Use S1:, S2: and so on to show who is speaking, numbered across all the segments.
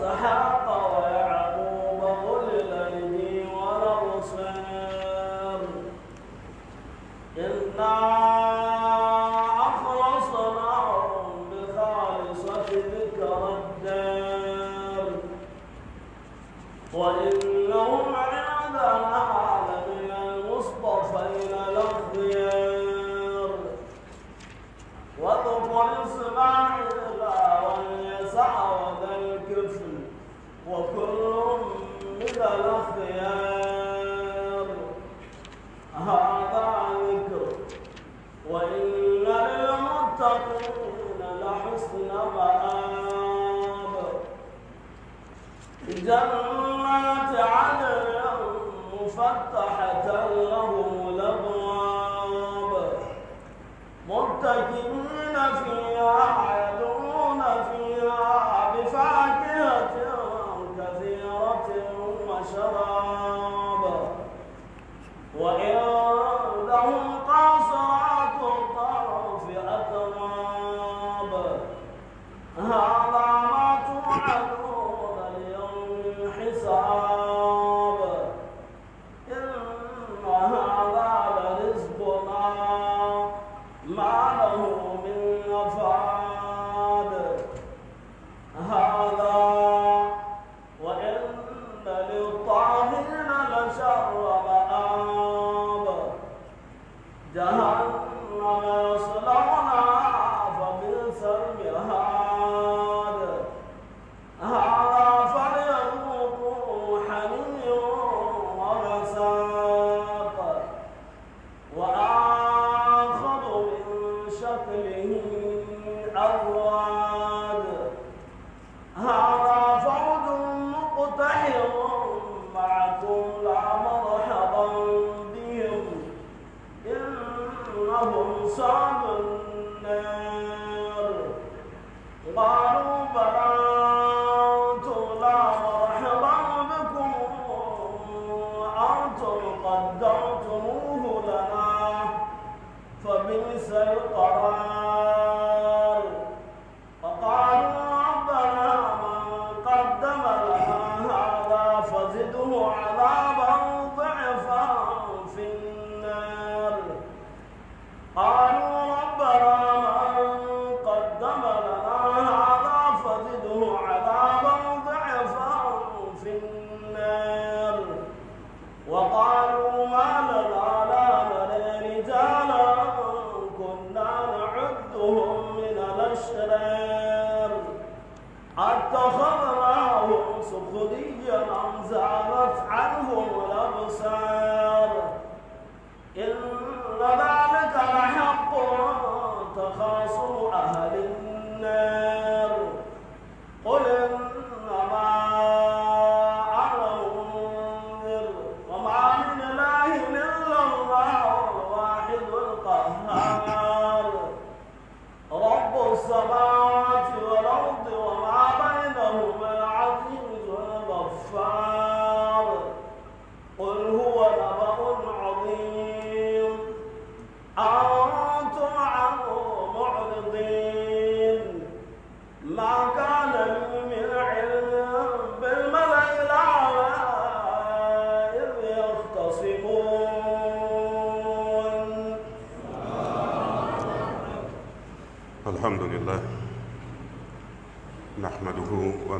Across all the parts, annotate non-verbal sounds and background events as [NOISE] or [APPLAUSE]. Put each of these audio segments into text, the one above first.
S1: was a hard جنات عدن مفتحة لهم الأبواب متكئين فيها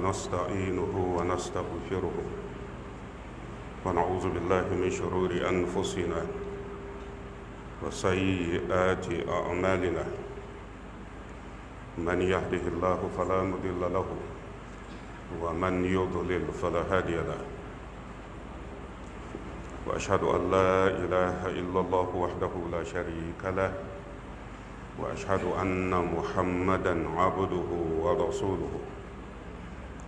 S2: نستعينه ونستغفره ونعوذ بالله من شرور أنفسنا وسيئات أعمالنا من يهده الله فلا مضل له ومن يضلل فلا هادي له واشهد ان لا اله الا الله وحده لا شريك له واشهد ان محمدا عبده ورسوله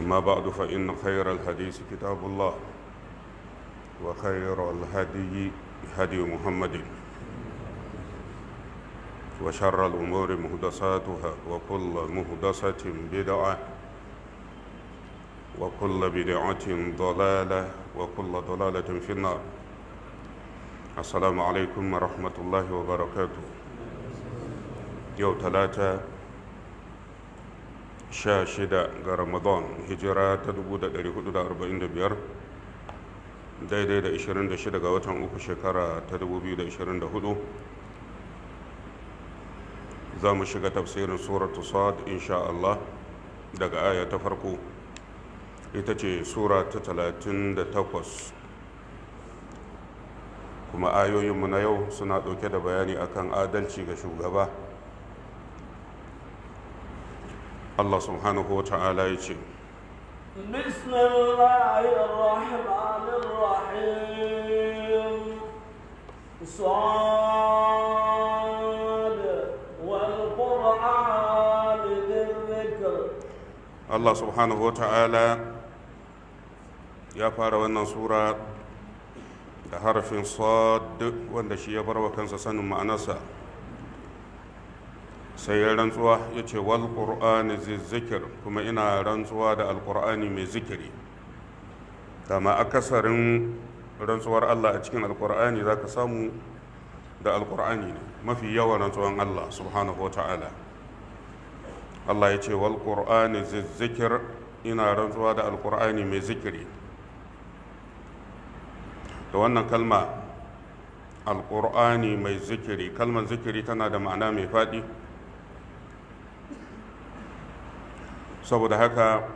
S2: أما بعد فإن خير الحديث كتاب الله وخير الهدي هدي محمد وشر الأمور مهدساتها وكل مهدسة بدعة وكل بدعة ضلالة وكل ضلالة في النار السلام عليكم ورحمة الله وبركاته يوم ثلاثة 16 ga ramadan hijira ta 1445 daidai da 26 ga watan uku shekara ta 2024 za mu shiga tafsirin suratu sad insha Allah daga aya ta farko ita ce sura ta 38 kuma ayoyinmu na yau suna ɗauke da bayani akan adalci ga shugaba Allah subhanahu wa ta'ala ya ce
S1: بسم الله الرحمن الرحيم صاد والقرآن
S2: wannan sura da harafin sad wanda shi ya bar wa kansa sanin ma'anarsa sai ya rantsuwa ya ce wal ƙur'ani zikir kuma ina rantsuwa da alƙur'ani mai zikiri dama akasarin rantsuwar allah a cikin alƙur'ani za ka samu da alƙur'ani ne mafi yawan rantsuwan allah subhanahu wa ta'ala allah ya ce wal ƙur'ani zikir ina rantsuwa da alƙur'ani mai zikiri da wannan kalma alƙur'ani mai zikiri kalmar zikiri tana da ma'ana mai faɗi saboda haka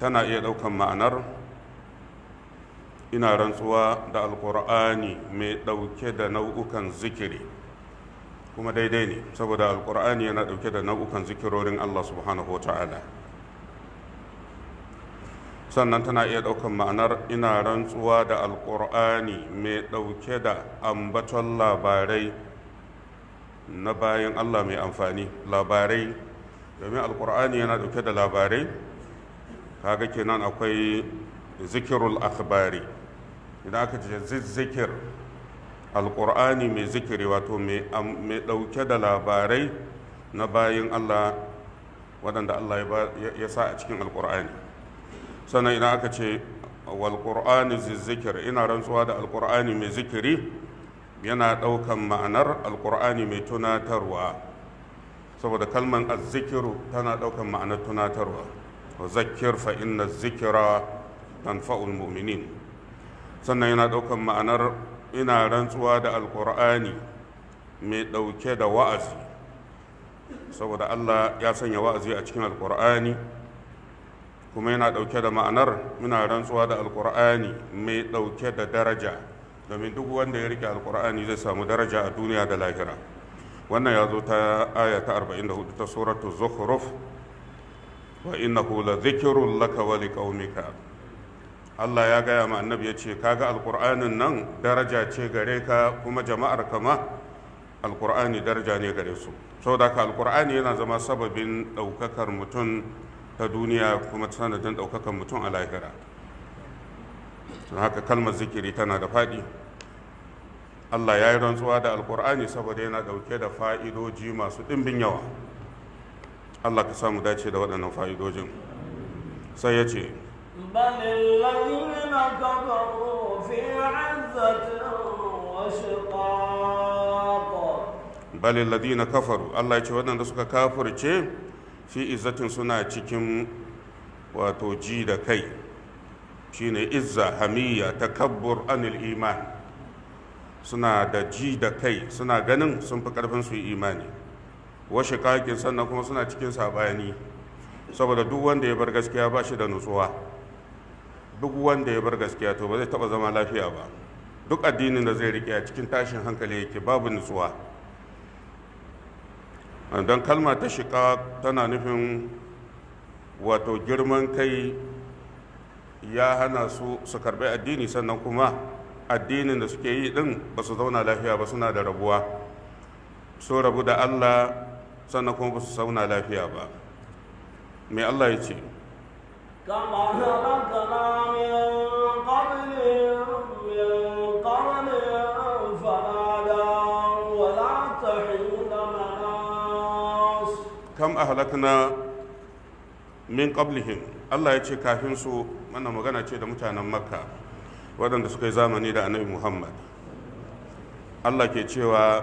S2: tana iya ɗaukan ma'anar ina rantsuwa da alƙur'ani mai ɗauke da nau'ukan zikiri kuma daidai ne saboda alƙur'ani yana ɗauke da nau'ukan zikirorin allah subhanahu wa ta'ala sannan tana iya ɗaukan ma'anar ina rantsuwa da alƙur'ani mai ɗauke da ambaton labarai na bayan allah mai amfani labarai domin alkur'ani yana dauke da labarai kaga kenan akwai zikirul akhbari idan aka ce zikir alkur'ani mai zikiri wato mai dauke da labarai na bayin allah waɗanda allah ya sa a cikin alkur'ani sannan idan aka ce walkur'ani zikir ina rantsuwa da alkur'ani mai zikiri yana ɗaukan ma'anar alkur'ani mai tunatarwa saboda kalmar azzikiru tana ɗaukar ma'anar tunatarwa wa zakir fa inna zikira tanfa'ul mu'minin sannan yana ɗaukar ma'anar ina rantsuwa da alkur'ani mai ɗauke da wa'azi saboda allah ya sanya wa'azi a cikin alkur'ani kuma yana ɗauke da ma'anar ina rantsuwa da alkur'ani mai ɗauke da daraja domin duk wanda ya rike alkur'ani zai samu daraja a duniya da lahira wannan ya zo ta aya ta 44 ta suratu zukhruf wa innahu la dhikrun laka wa liqaumika Allah ya gaya ma annabi ya ce kaga alqur'anin nan daraja ce gare ka kuma jama'ar kama alqur'ani daraja ne gare su saboda ka alqur'ani yana zama sababin daukakar mutum ta duniya kuma sanadin daukakar mutum a lahira don haka kalmar zikiri tana da faɗi Allah ya yi rantsuwa da alkur'ani saboda yana ɗauke da fa'idoji masu ɗimbin yawa Allah ka samu dace da waɗannan fa'idojin sai ya ce balin na kafaru Allah ya ce waɗanda suka kafurce fi izzatin suna cikin wato ji da kai shine izza hamiya takabbur anil iman suna da ji da kai suna ganin sun fi karfin su yi imani washe kakin sannan kuma suna cikin sabani saboda duk wanda ya bar gaskiya ba shi da nutsuwa duk wanda ya bar gaskiya to ba zai taba zama lafiya ba duk addinin da zai rike a cikin tashin hankali yake babu nutsuwa don kalma ta shika tana nufin wato girman kai ya hana su su karbi addini sannan kuma addinin da suke yi din ba su zauna lafiya ba suna da rabuwa su rabu da allah sannan kuma ba su zauna lafiya ba mai allah ya ce kam a ahlakna min qablihim Allah ya ce kafin su wannan magana ce da mutanen makka waɗanda suka yi zamani da annabi muhammad allah ke cewa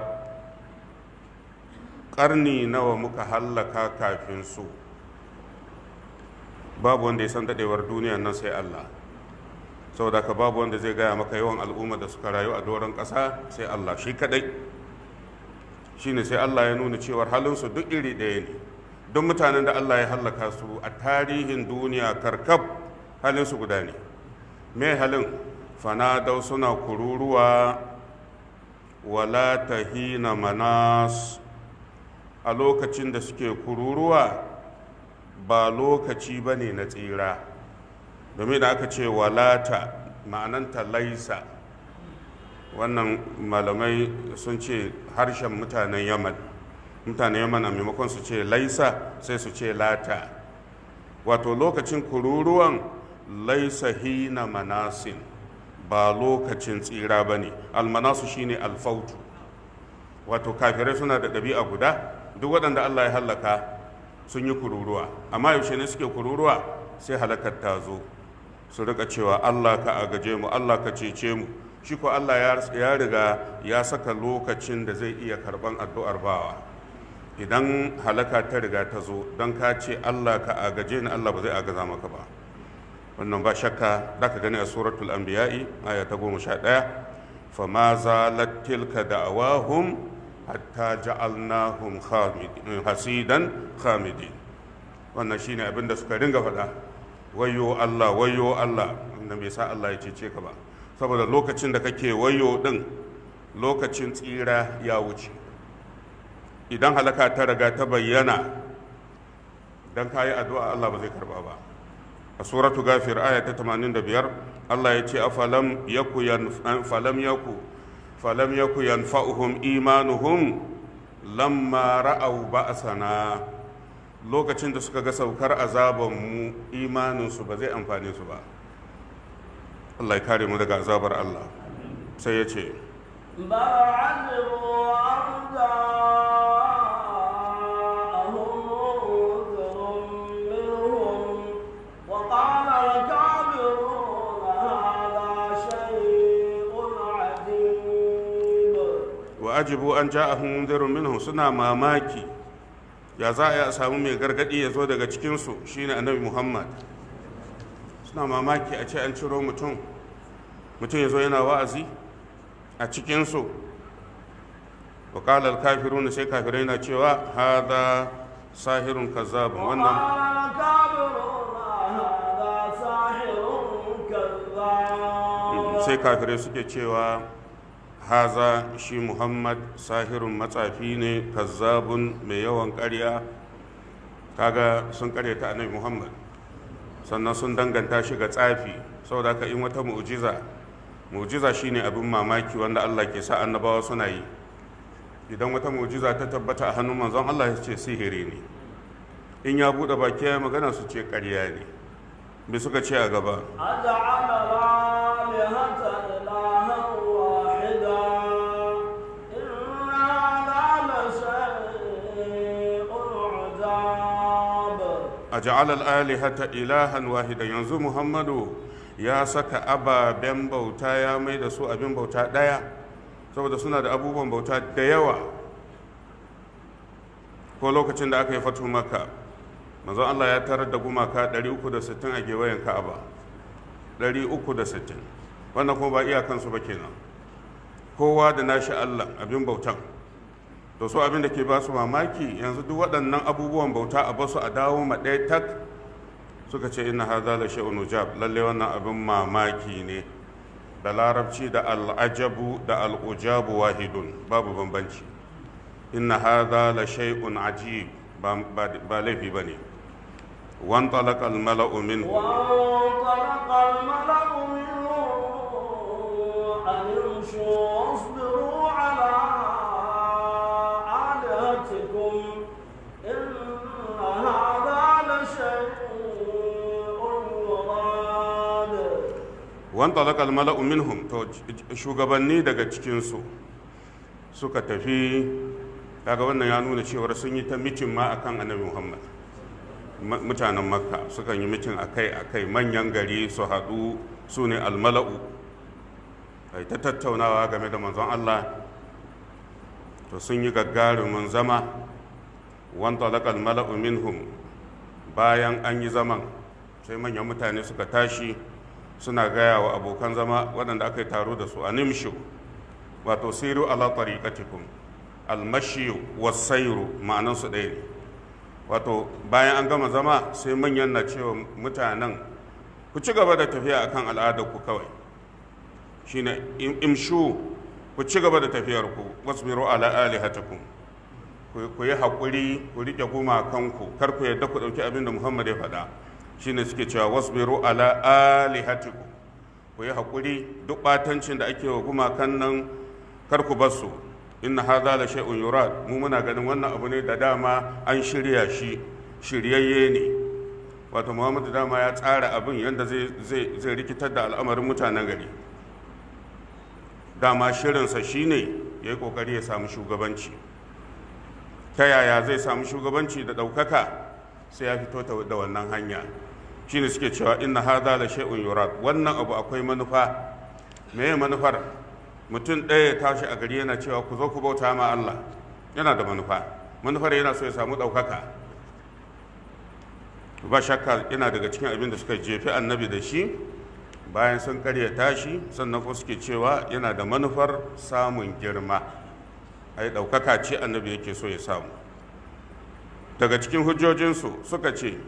S2: ƙarni nawa muka hallaka kafin su babu wanda ya san daɗewar duniya nan sai allah saboda ka babu wanda zai gaya maka yawan al'umma da suka rayu a doron ƙasa sai allah shi kaɗai shine sai allah ya nuna cewar halinsu duk iri ɗaya ne duk mutanen da allah ya hallaka su a tarihin duniya karkab halinsu guda ne me halin fanadau suna kururuwa wala tahina manas a lokacin da suke kururuwa ba lokaci ba ne na tsira domin da aka ce walata ma'ananta laisa wannan malamai sun ce harshen mutanen yaman mutanen yaman a maimakon su ce laisa sai su ce lata wato lokacin kururuwan laisa hina manasin ba lokacin tsira ba ne almanasu shi ne alfautu wato kafirai suna da ɗabi'a guda duk waɗanda allah ya hallaka sun yi kururuwa amma yaushe ne suke kururuwa sai halakar ta zo su rika cewa allah ka agaje mu allah ka cece mu shi ko allah ya riga ya saka lokacin da zai iya karban addu'ar bawa idan halaka ta riga ta zo don ka ce allah ka agaje ni allah ba zai agaza maka ba wannan ba shakka za ka gani a suratul anbiya'i aya ta goma sha ɗaya fama zalat tilka da'awahum hatta ja'alnahum hasidan khamidi. wannan shine abin da suka ringa faɗa wayo Allah wayo Allah Wannan bai sa Allah ya cece ka ba saboda lokacin da kake wayo din lokacin tsira ya wuce idan halaka ta riga ta bayyana dan kayi addu'a Allah ba zai karba ba a suratu gafir aya ta 85 Allah ya ce afalam yaku falam yaku falam yaku yanfa'uhum imanuhum lamma ra'aw ba'sana lokacin da suka ga saukar azaban mu imanin su ba zai amfane su ba Allah ya kare mu daga azabar Allah sai ya ce ajibu an ja a mundirun minhum suna mamaki ya za a samu mai gargaɗi ya zo daga cikinsu shine annabi muhammad suna mamaki a ce an ciro mutum mutum ya zo yana wa'azi a cikinsu wa kafiru na sai kafirai na cewa hada sahirun kazzabun wannan
S1: mm, sai kafirai
S2: suke cewa haza shi muhammad sahirun matsafi ne kazzabun mai yawan ƙarya kaga sun ƙaryata annabi muhammad sannan sun danganta shi ga tsafi saboda haka in wata mu'jiza mu'jiza shine abin mamaki wanda Allah ke sa annabawa suna yi idan wata mu'jiza ta tabbata a hannun manzon Allah ya ce sihiri ne in ya buɗe baki ya magana su ce ƙarya ne bi suka ce a gaba a ja'alal alihata ilahan wahida yanzu muhammadu ya saka ababen bauta ya mai da su abin bauta ɗaya saboda suna da abubuwan bauta da yawa ko lokacin da aka yi fatu maka manzon allah ya tarar da gumaka 360 a gewayen ka'aba 360 wannan kuma ba iyakansu ba kenan kowa da nashi allah abin bautan to su abin da ke ba su mamaki yanzu duk waɗannan abubuwan bauta a basu a dawo ma ɗaya tak suka ce ina haza la sha'un ujab lalle wannan abin mamaki ne da larabci da al'ajabu da al'ujabu wahidun babu bambanci inna haza la shay'un ajib ba laifi ba ne وانطلق الملأ منه وانطلق الملأ منه أن امشوا واصبروا ala. Wan laƙal mala'u minhum to shugabanni daga cikinsu suka tafi daga wannan ya nuna cewar sun yi ta mitin ma akan annabi muhammad mutanen makka suka yi mitin akai akai manyan gari su haɗu su ne almala'u ta tattaunawa game da manzon allah to sun yi gagarumin zama wanda laƙal mala'u minhum bayan an yi zaman sai manyan mutane suka tashi suna gaya wa abokan zama waɗanda aka yi taro da su a nimshi wato siru ala tariqatikum almashi wasairu ma'anansu ɗaya ne wato bayan an gama zama sai manyan na cewa mutanen ku ci gaba da tafiya akan al'adar ku kawai shine imshu ku ci gaba da tafiyar ku wasmiru ala alihatakum ku yi haƙuri ku riƙe gumakanku kar ku yadda ku ɗauki abin da muhammad ya faɗa shine suke cewa wasbiru ala alihatiku ku yi hakuri duk batancin da ake wa gumakan nan karku ku bar ha za da la yurad mu muna ganin wannan abu ne da dama an shirya shi shiryayye ne wato Muhammadu dama ya tsara abin yadda zai rikitar da al'amarin mutanen gari dama shirinsa shi ne ya yi kokari ya samu shugabanci ta yaya zai samu shugabanci da ɗaukaka sai ya fito da wannan hanya shine suke cewa inna hadha la shay'un yurad wannan abu akwai manufa meye manufar mutum ɗaya ya tashi a gari yana cewa ku zo ku bauta ma Allah yana da manufa manufar yana so ya samu ɗaukaka ba shakka yana daga cikin abin da suka jefi annabi da shi bayan sun karya tashi sannan ko suke cewa yana da manufar samun girma ai ɗaukaka ce annabi yake so ya samu daga cikin hujjojinsu suka ce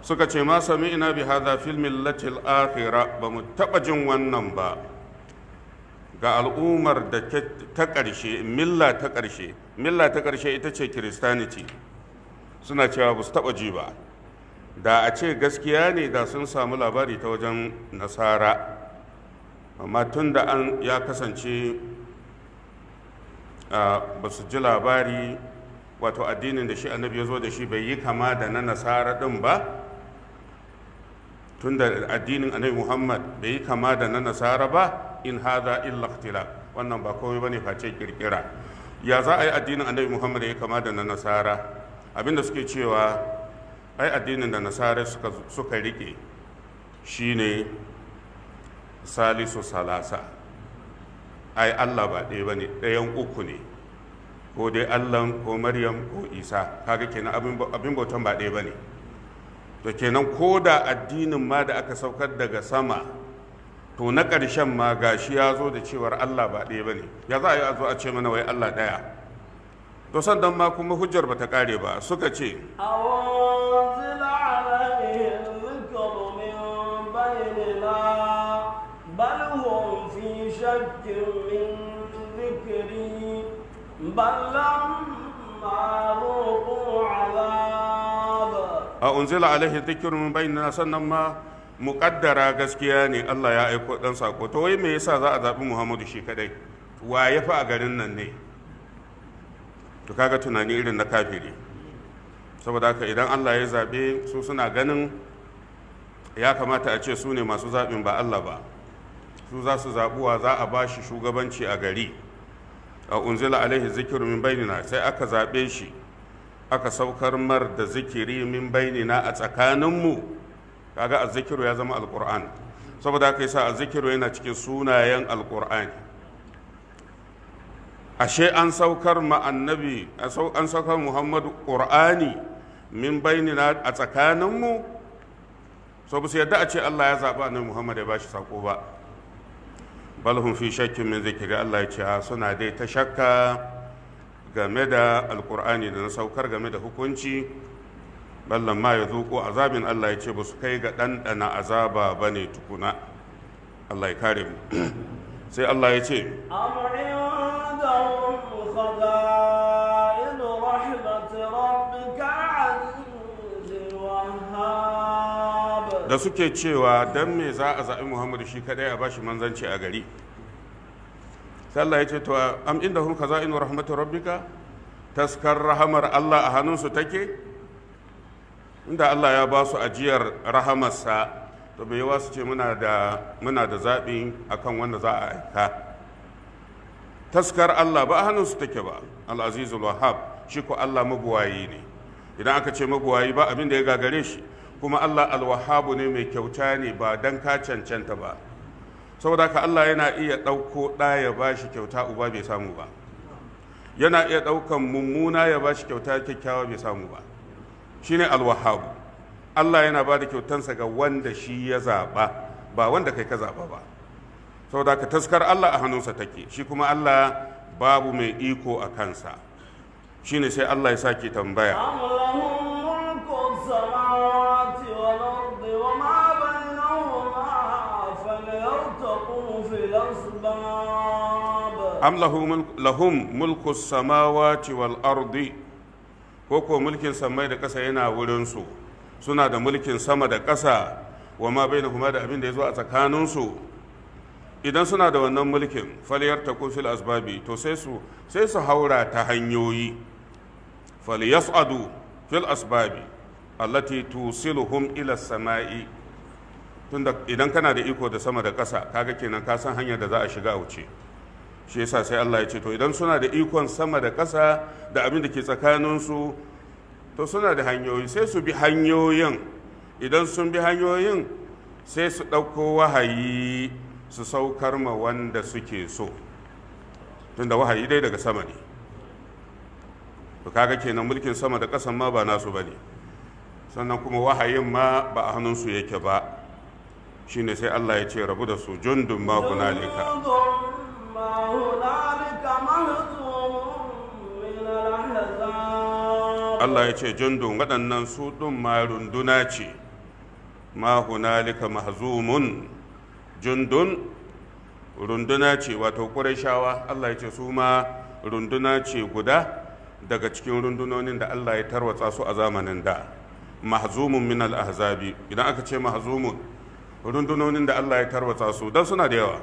S2: suka ce ma sami ina bi hada filmin latil akhira ba mu taɓa jin wannan ba ga al'ummar da ta ƙarshe milla ta ƙarshe milla ta ƙarshe ita ce kiristaniti suna cewa ba su taɓa ji ba da a ce gaskiya ne da sun samu labari ta wajen nasara amma tun da an ya kasance ba su ji labari wato addinin da shi annabi ya zo da shi bai yi kama da na nasara ɗin ba tun da addinin annabi muhammad bai yi kama da na nasara ba in haza illa ikhtilaf wannan ba komai bane face kirkira ya za a yi addinin annabi muhammad ya kama da na nasara abinda suke cewa ai addinin da nasarar suka rike ne salisu salasa ai allah ba ɗaya ba ne ɗayan uku ne ko dai allah ko maryam ko isa kaga kenan abin bautan ba ɗaya ba ne to kenan ko da addinin ma da aka saukar daga sama to na ƙarshen ma gashi ya zo da cewar allah ba ɗaya ba ne ya za a yi a zo a ce mana wai allah ɗaya to sandan ma kuma hujjar ba kare ba suka ce a unzila alaihi dhikr bayyana sannan ma muƙaddara gaskiya ne Allah ya aiko dan sako to wai me yasa za a zaɓi Muhammadu shi kadai wa ya fi a garin nan ne to kaga tunani irin na kafiri saboda haka idan Allah ya zaɓe su suna ganin ya kamata a ce su ne masu zaɓin ba Allah ba su za su zaɓuwa za a ba shi shugabanci a gari a unzila alaihi zikiru min bainina sai aka zaɓe shi aka saukar mar da zikiri min bainina a tsakaninmu kaga azzikiru ya zama alƙur'an saboda haka yasa azzikiru yana cikin sunayen alƙur'ani ashe an saukar ma annabi an saukar muhammadu ƙur'ani min bainina a tsakaninmu sau ba su yadda a ce allah ya zaɓi annabi muhammad ya ba shi saƙo ba balhun fi shakkin min zikiri allah ya ce a ah, suna dai ta shakka game da alƙur'ani da na saukar game da hukunci ballan ma ya zuƙo azabin allah ya ce ba su kai ga ɗanɗana azaba ba ne tukuna allah ya kare mu [CLEARS THROAT] sai allah ya ce da suke cewa dan me za a zaɓi Muhammadu shi kaɗai, a bashi manzanci a gari sallah ya ce to am inda hun kaza'inu rahmatu rabbika taskar rahamar Allah a hannunsu take inda Allah ya ba su ajiyar rahamarsa to bai yawa su ce muna da zaɓi akan wanda za a aika taskar Allah ba hannun hannunsu take ba al-azizul wahab shi ko Allah mabuwayi ne idan aka ce mabuwayi ba abin da ya gagare shi kuma Allah al ne mai kyauta ne ba dan ka cancanta ba saboda ka Allah yana iya ɗauko ɗa ya ba shi kyauta uba bai samu ba yana iya ɗaukan mummuna ya ba shi kyauta kyakkyawa bai samu ba shine alwahabu Allah yana ba da kyautansa ga wanda shi ya zaɓa ba wanda kai ka zaɓa ba saboda ka taskar Allah a hannunsa take shi kuma Allah babu mai iko a kansa shine sai Allah ya sake tambaya am lahum mulku samawati wal ardi ko ko mulkin samai da ƙasa yana su, suna da mulkin sama da ƙasa wa ma bai da abin da ya zo a tsakaninsu idan suna da wannan mulkin faliyar ta fil asbabi to sai su sai su haura ta hanyoyi falyas'adu fil asbabi allati tusiluhum ila samai tunda idan kana da iko da sama da ƙasa kaga kenan ka san hanyar da za a shiga a wuce shi yasa sai Allah ya ce to idan suna da ikon sama da ƙasa da abin da ke tsakaninsu to suna da hanyoyi sai su bi hanyoyin idan sun bi hanyoyin sai su ɗauko wahayi su saukar ma wanda suke so tunda wahayi dai daga sama ne to kaga kenan mulkin sama da ƙasan ma ba nasu ba ne sannan kuma wahayin ma ba a hannunsu yake ba shine sai Allah ya ce rabu da su jundun ma hunalika Allah ya ce jundun waɗannan su ɗin ma runduna ce ma hunalika mahzumun jundun runduna ce wato ƙurashawa Allah ya ce su ma runduna ce guda daga cikin rundunonin da Allah ya tarwatsa su a zamanin da mahzumun min al-ahzabi idan aka ce mahzumun rundunonin da Allah ya tarwatsa su dan suna da yawa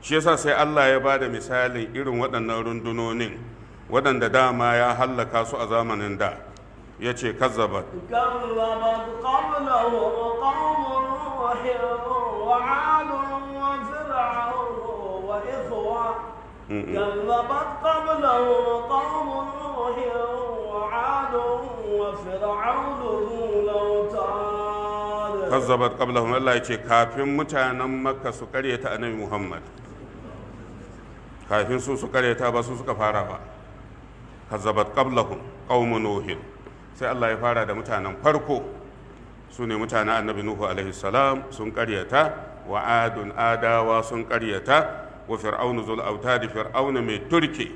S2: shi yasa sai Allah ya bada misalin irin waɗannan rundunonin waɗanda dama ya hallaka su a zamanin da ya ce kazzabat
S1: kazzabat qablahum qawmun وعاد وفرعون وإخوة كذبت قبلهم قوم نوح وعاد وفرعون ذو كذبت
S2: قبلهم الله يجي كافين متانا مكة سكرية محمد kafin su su karyata ba su suka fara ba kazzabat qablahum qaumun nuh sai Allah ya fara da mutanen farko su ne mutane annabi nuhu alaihi salam sun karyata wa adun adawa sun karyata wa fir'aunu zul autadi fir'auna mai turke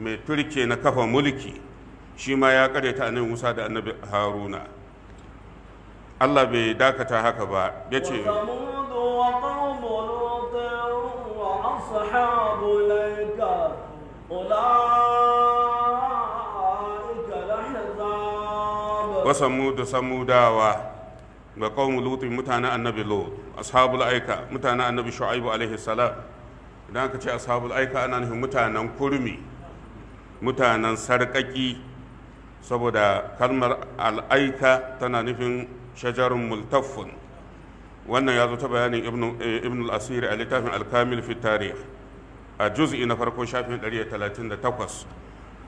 S2: mai turke na kafa mulki shi ma ya karyata annabi musa da annabi haruna allah bai dakata haka ba ya ce wa samudu samudawa ga qaumu lut mutanen annabi lut ashabul aika mutanen annabi shu'aibu alaihi salam idan aka ce ashabul aika ana nufin mutanen kurmi mutanen sarkaki saboda kalmar al'aika tana nufin shajarun multaffun wannan ya zo ta bayanin ibn eh, al-asiri a littafin al-kamil fi tarih a juz'i na farko shafin 138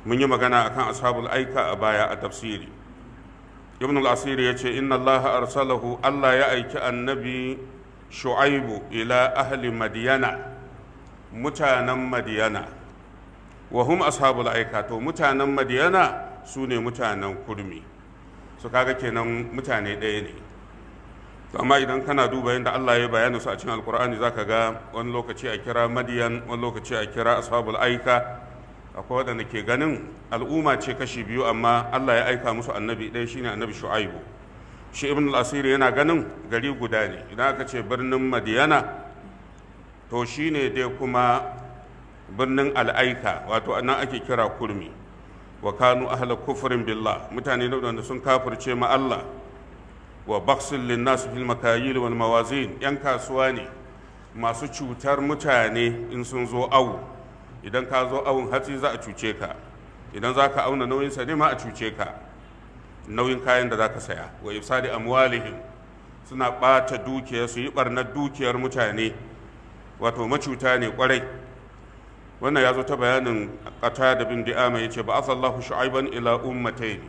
S2: mun yi magana akan ashabul aika a baya a tafsiri ibn al-asir ya ce inna allaha arsalahu allah ya aiki annabi shu'aibu ila ahli madiyana mutanen madiyana wa hum ashabul aika to mutanen madiyana su ne mutanen kurmi su kaga kenan mutane ɗaya ne amma idan kana duba yadda Allah ya bayani su a cikin alkur'ani zaka ga wani lokaci a kira madiyan wani lokaci a kira ashabul aika akwai waɗanda ke ganin al'umma ce kashi biyu amma Allah ya aika musu annabi ɗaya shine annabi shu'aibu shi ibn al-asiri yana ganin gari guda ne idan aka ce birnin madiyana to shine dai kuma birnin al'aika wato nan ake kira kurmi wa kanu ahla kufrin billah mutane ne wanda sun kafirce ma Allah wa baksin linnas fil makayil wal mawazin yan kasuwa ne masu cutar mutane in sun zo awu idan ka zo awon hatsi za a cuce ka idan za ka auna nauyin sa ne ma a cuce ka nauyin kayan da za ka saya wa ifsadi amwalihim suna ɓata dukiyar su yi ɓarnar dukiyar mutane wato macuta ne kwarai wannan ya zo ta bayanin kata da bin di'ama ya ce ba asallahu shu'aiban ila ummatai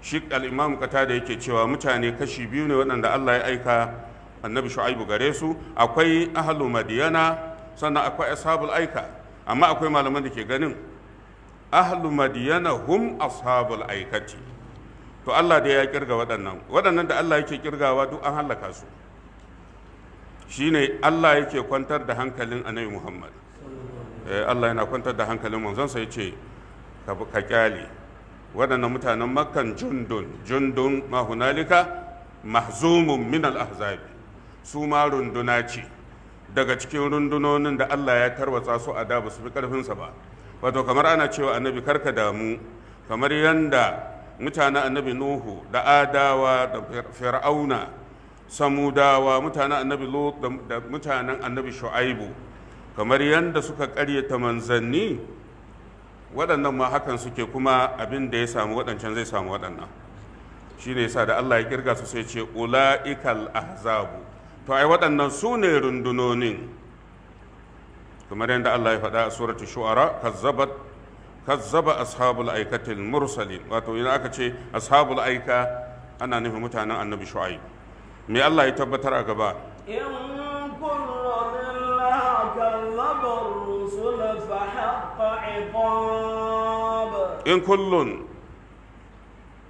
S2: shi al-imam ƙata da yake cewa mutane kashi biyu ne waɗanda allah ya aika annabi shu'aibu gare su akwai ahalu madiyana sannan akwai ashabul aika amma akwai malaman da ke ganin ahlu madiyana hum ashabul aikati to Allah da ya kirga waɗannan waɗannan da Allah yake kirgawa duk an halaka su shine Allah yake kwantar da hankalin annabi Muhammad eh, Allah yana kwantar da hankalin manzonsa ya ce ka kyale waɗannan mutanen makkan jundun jundun mahunalika mahzumun min al-ahzabi su ma runduna ce daga cikin rundunonin da Allah ya tarwatsa su a da ba su fi karfinsa ba wato kamar ana cewa annabi karka damu kamar yanda mutanen annabi nuhu da adawa da fir'auna samudawa mutanen annabi lut da mutanen annabi shu'aibu kamar yanda suka karyata manzanni waɗannan ma hakan suke kuma abin da ya samu waɗancan zai samu waɗannan shi ne yasa da Allah ya kirga su sai ce ula'ikal ahzabu to ai waɗannan su ne rundunonin kamar yadda Allah ya faɗa a suratul shu'ara kazzabat kazzaba ashabul aikatil mursalin wato idan aka ce ashabul aika ana nufin mutanen annabi shu'aib me Allah ya tabbatar a gaba in
S1: kullu illa rusul fa haqqa iqab
S2: in kullun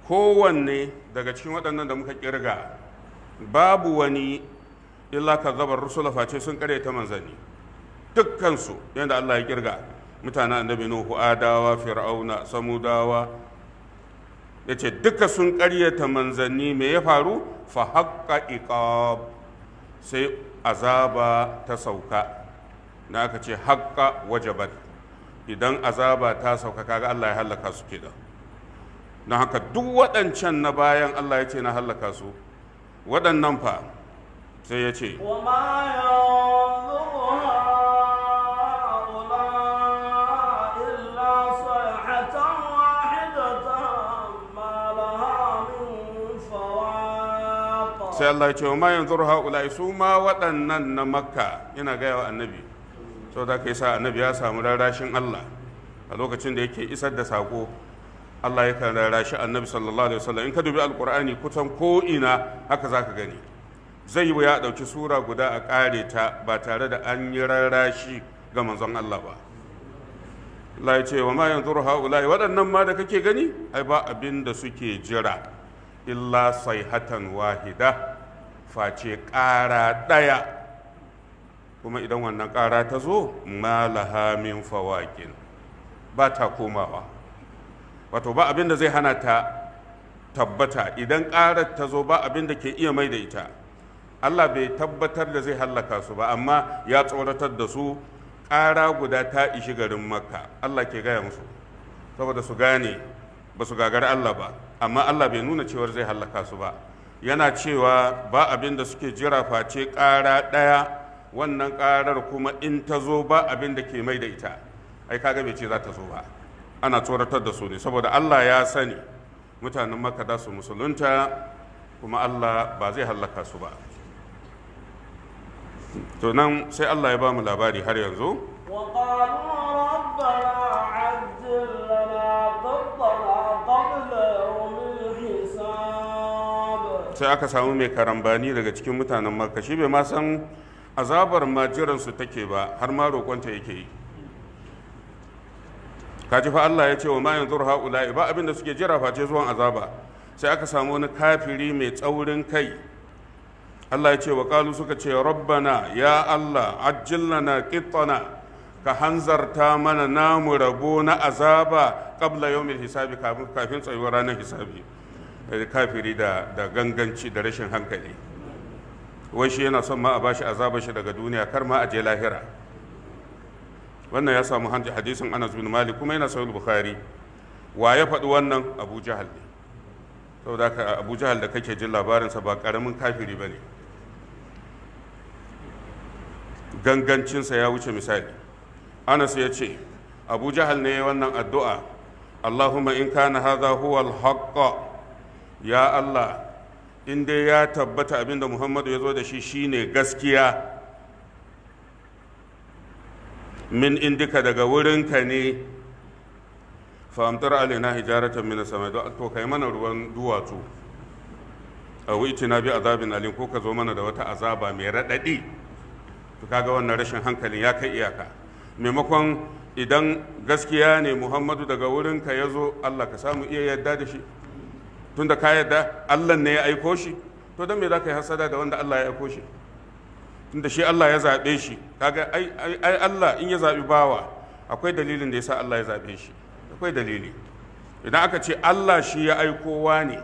S2: kowanne daga cikin waɗannan da muka kirga babu wani illa zabar rusula face sun ta manzanni dukkansu yadda Allah ya kirga mutanen annabi nuhu adawa fir'auna samudawa yace duka sun karyata manzanni me ya faru fa haqqa iqab sai azaba ta sauka na aka ce haqqa wajabat idan azaba ta sauka kaga Allah ya halaka su kenan na haka duk waɗancan na bayan Allah ya ce na halaka su waɗannan fa sai ya ce sai Allah ya ce wa mayan zuru haƙula su ma waɗannan na makka yana gaya wa annabi sau da yi sa annabi ya samu rarashin Allah a lokacin da yake isar da saƙo Allah ya kan rarashi annabi sallallahu alaihi wasallam in ka dubi alƙur'ani kusan ko ina haka za ka gani zai yi ya ɗauki sura guda a ƙare ta ba tare da an yi rarrashi ga manzon Allah ba Allah ya ce wa ma yanzu Ulayi, waɗannan ma da kake gani ai ba abin da suke jira illa saihatan wahida face ƙara ɗaya kuma idan wannan ƙara ta zo malaha min fawaƙin ba ta komawa wato ba abin da zai hana ta tabbata idan ƙarar ta zo ba abin da ke iya mai da ita Allah bai tabbatar da zai hallaka su ba amma ya tsoratar da su ƙara guda ta ishi garin makka Allah ke gaya musu saboda su gane ba su gagari Allah ba amma Allah bai nuna cewar zai hallaka su ba yana cewa ba abin da suke jira face ƙara ɗaya wannan ƙarar kuma in ta zo ba abin da ke mai da ita ai kaga bai ce za ta zo ba ana tsoratar da su ne saboda Allah ya sani mutanen makka da su musulunta kuma Allah ba zai hallaka su ba to nan sai Allah ya ba mu labari har yanzu sai aka samu mai karambani daga cikin mutanen makka shi bai ma san azabar majiransu take ba har ma roƙonta yake yi kaji fa Allah ya ce wa ma yanzu ha'ula'i ba abin da suke jira face zuwan azaba sai aka samu wani kafiri mai tsaurin kai Allah ya ce wa kalu suka ce rabbana ya Allah ajjilna qittana ka hanzarta mana namu rabo na azaba qabla yawmil hisabi kafin tsayuwar ranar hisabi eh, kafiri da da ganganci da rashin hankali wai shi yana son ma a bashi azaba shi daga duniya kar ma a je lahira wannan ya samu hadisin Anas bin Malik kuma yana sahih Bukhari wa ya faɗi wannan Abu Jahal ne saboda haka Abu Jahal da kake jin labarinsa ba ƙaramin kafiri ba ne gangancinsa ya wuce misali anas ya ce abu jahal ne wannan addu'a allahumma in kana haza huwa haƙƙa. ya allah in ya tabbata abinda muhammadu ya zo da shi shine gaskiya min indika daga wurinka ne fahimtar alina hijaratan min sama to kai mana ruwan duwatsu a na bi azabin alin ko ka zo mana da wata azaba mai raɗaɗi to kaga wannan rashin hankalin ya kai iyaka maimakon idan gaskiya ne muhammadu daga wurinka ya zo allah ka samu iya yadda da shi tunda ka yadda allah ne ya aiko shi to don me za ka yi hasada da wanda allah ya aiko shi tunda shi allah ya zaɓe shi kaga ai allah in ya zaɓi bawa akwai dalilin da ya sa allah ya zaɓe shi akwai dalili idan aka ce allah shi ya aiko wa ne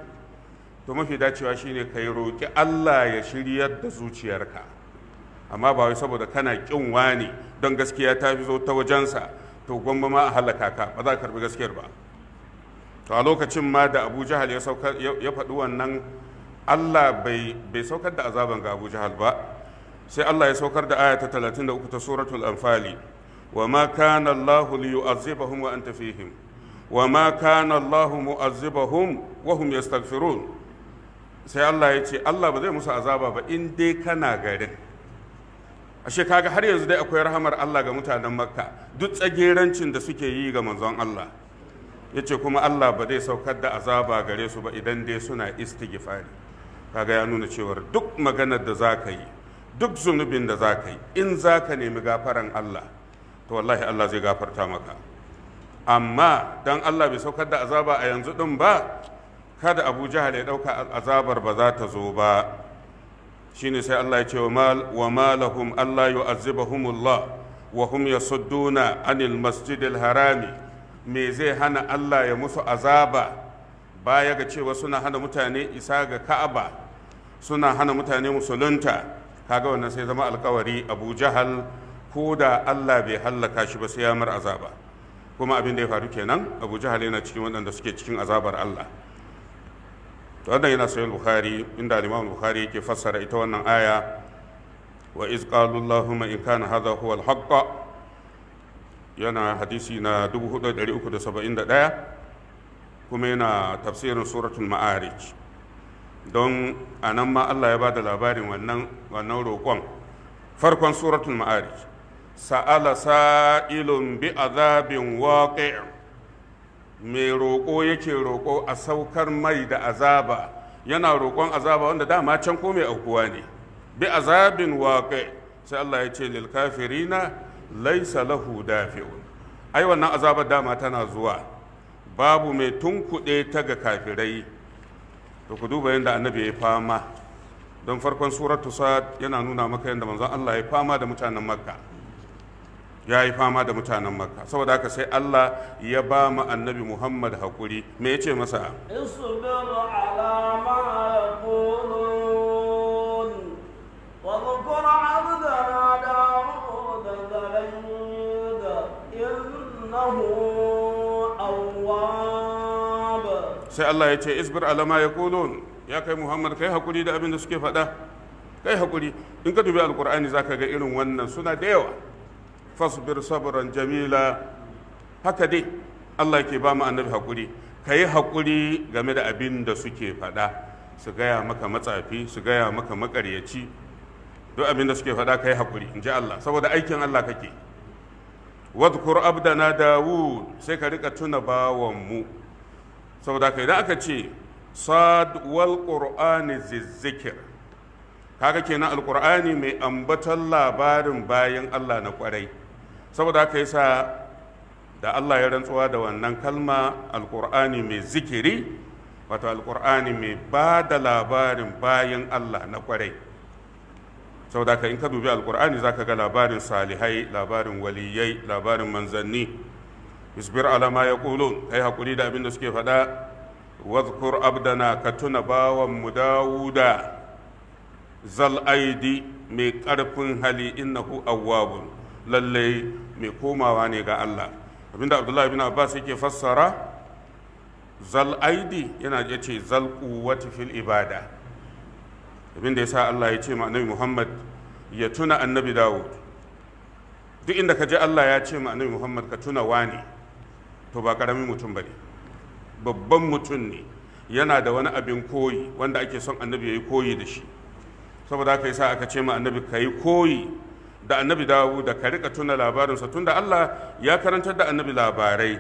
S2: to mafi dacewa shine ka yi roƙi allah ya shiryar da zuciyarka amma ba wai saboda kana kin wani don gaskiya ta fi zo ta wajensa to gwamba ma a halaka ka ba za ka karbi gaskiyar ba to a lokacin ma da abu jahal ya faɗi wannan allah bai saukar da azaban ga abu jahal ba sai allah ya saukar da aya ta 33 ta suratul anfali wa ma kana allah liyu'azzibahum wa anta fihim wa ma kana allah mu'azzibahum wa hum yastaghfirun sai allah ya ce allah ba zai musu azaba ba in dai kana garin ashe kaga har yanzu dai akwai rahamar Allah ga mutanen makka duk tsagerancin da suke yi ga manzon Allah ya ce kuma Allah ba zai saukar da azaba gare su ba idan dai suna istighfari kaga ya nuna cewar duk maganar da za ka yi duk zunubin da za ka yi in za ka nemi gafaran Allah to wallahi Allah zai gafarta maka amma dan Allah bai saukar da azaba a yanzu din ba kada Abu Jahal ya dauka azabar ba za ta zo ba shine sai Allah ya ce wa malahum Allah yu'azzibahumullah wa hum yasudduna anil masjidil harami me zai hana Allah ya musu azaba baya ga cewa suna hana mutane isa ga Ka'aba suna hana mutane musulunta kaga wannan sai zama alkawari Abu Jahal ko da Allah bai hallaka shi ba sai ya mar azaba kuma abin da ya faru kenan Abu Jahal yana cikin waɗanda suke cikin azabar Allah to wannan yana sahih bukhari inda al-imam bukhari yake fassara ita wannan aya wa iz qalu allahumma in kana hadha huwa al-haqq yana hadisi na 4371 kuma yana tafsirin suratul ma'arij don anan ma Allah ya bada labarin wannan wannan roƙon farkon suratul ma'arij sa'ala sa'ilun bi azabin waqi' mai roƙo yake roƙo a saukar mai da azaba yana roƙon azaba wanda dama can ko mai aukuwa ne bi azabin waƙe sai Allah ya ce lil kafirina laisa lahu dafi'un ai wannan azabar dama tana zuwa babu mai tunkuɗe ta ga kafirai to ku duba yadda annabi ya fama don farkon suratu sa'ad yana nuna maka yadda manzon Allah ya fama da mutanen makka ya yi fama da mutanen makka saboda haka sai allah ya ba mu annabi muhammad hakuri me ya ce masa
S1: واذكر عبدنا داود ذا الأيد إنه
S2: sai Allah ya ce isbir alama ya kulun ya kai Muhammad kai hakuri da abin da suke faɗa kai hakuri in ka dubi alkur'ani ka ga irin wannan suna da yawa fasbir sabran jamila haka dai Allah ke ba mu annabi hakuri kai hakuri game da abin da suke faɗa su gaya maka matsafi su gaya maka makaryaci duk abin da suke faɗa kai hakuri in ji Allah saboda aikin Allah kake wadkur abdana dawud sai ka rika tuna bawanmu saboda kai da aka ce sad wal qur'ani zizzikir kaga kenan alqur'ani mai ambaton labarin bayan Allah na kwarai saboda haka yasa da Allah ya rantsuwa da wannan kalma alkur'ani mai zikiri wato alkur'ani mai ba da labarin bayan Allah na kwarai saboda haka in ka dubi alkur'ani zaka ga labarin salihai labarin waliyai labarin manzanni isbir alama ya yaqulun kai hakuri da abin da suke faɗa wadhkur abdana ka tuna bawan mu dawuda zal aidi mai ƙarfin hali innahu awwabun lalle mai komawa ne ga Allah abinda abdullahi bin abbas yake fassara zal aidi yana ya ce zal quwwati fil ibada abinda yasa Allah ya ce ma annabi Muhammad ya tuna annabi Dawud duk inda ka ji Allah ya ce ma annabi Muhammad ka tuna wani to ba karamin mutum bane babban mutum ne yana da wani abin koyi wanda ake son annabi ya yi koyi da shi saboda haka yasa aka ce ma annabi ka yi koyi da annabi dawo da ka rika tuna labarinsa tunda Allah ya karantar da annabi labarai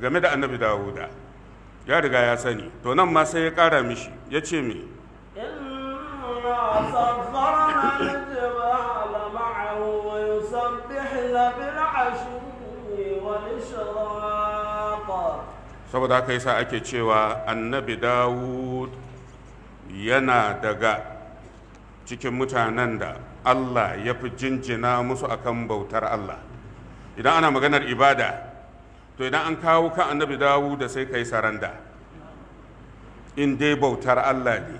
S2: game da annabi dawuda ya riga ya sani to nan ma sai ya kara mishi ya ce me saboda haka yasa ake cewa annabi dawud yana daga cikin mutanen da Allah ya fi jinjina musu akan bautar Allah idan ana maganar ibada to idan an kawo ka annabi dawu da sai ka yi saranda in dai bautar Allah ne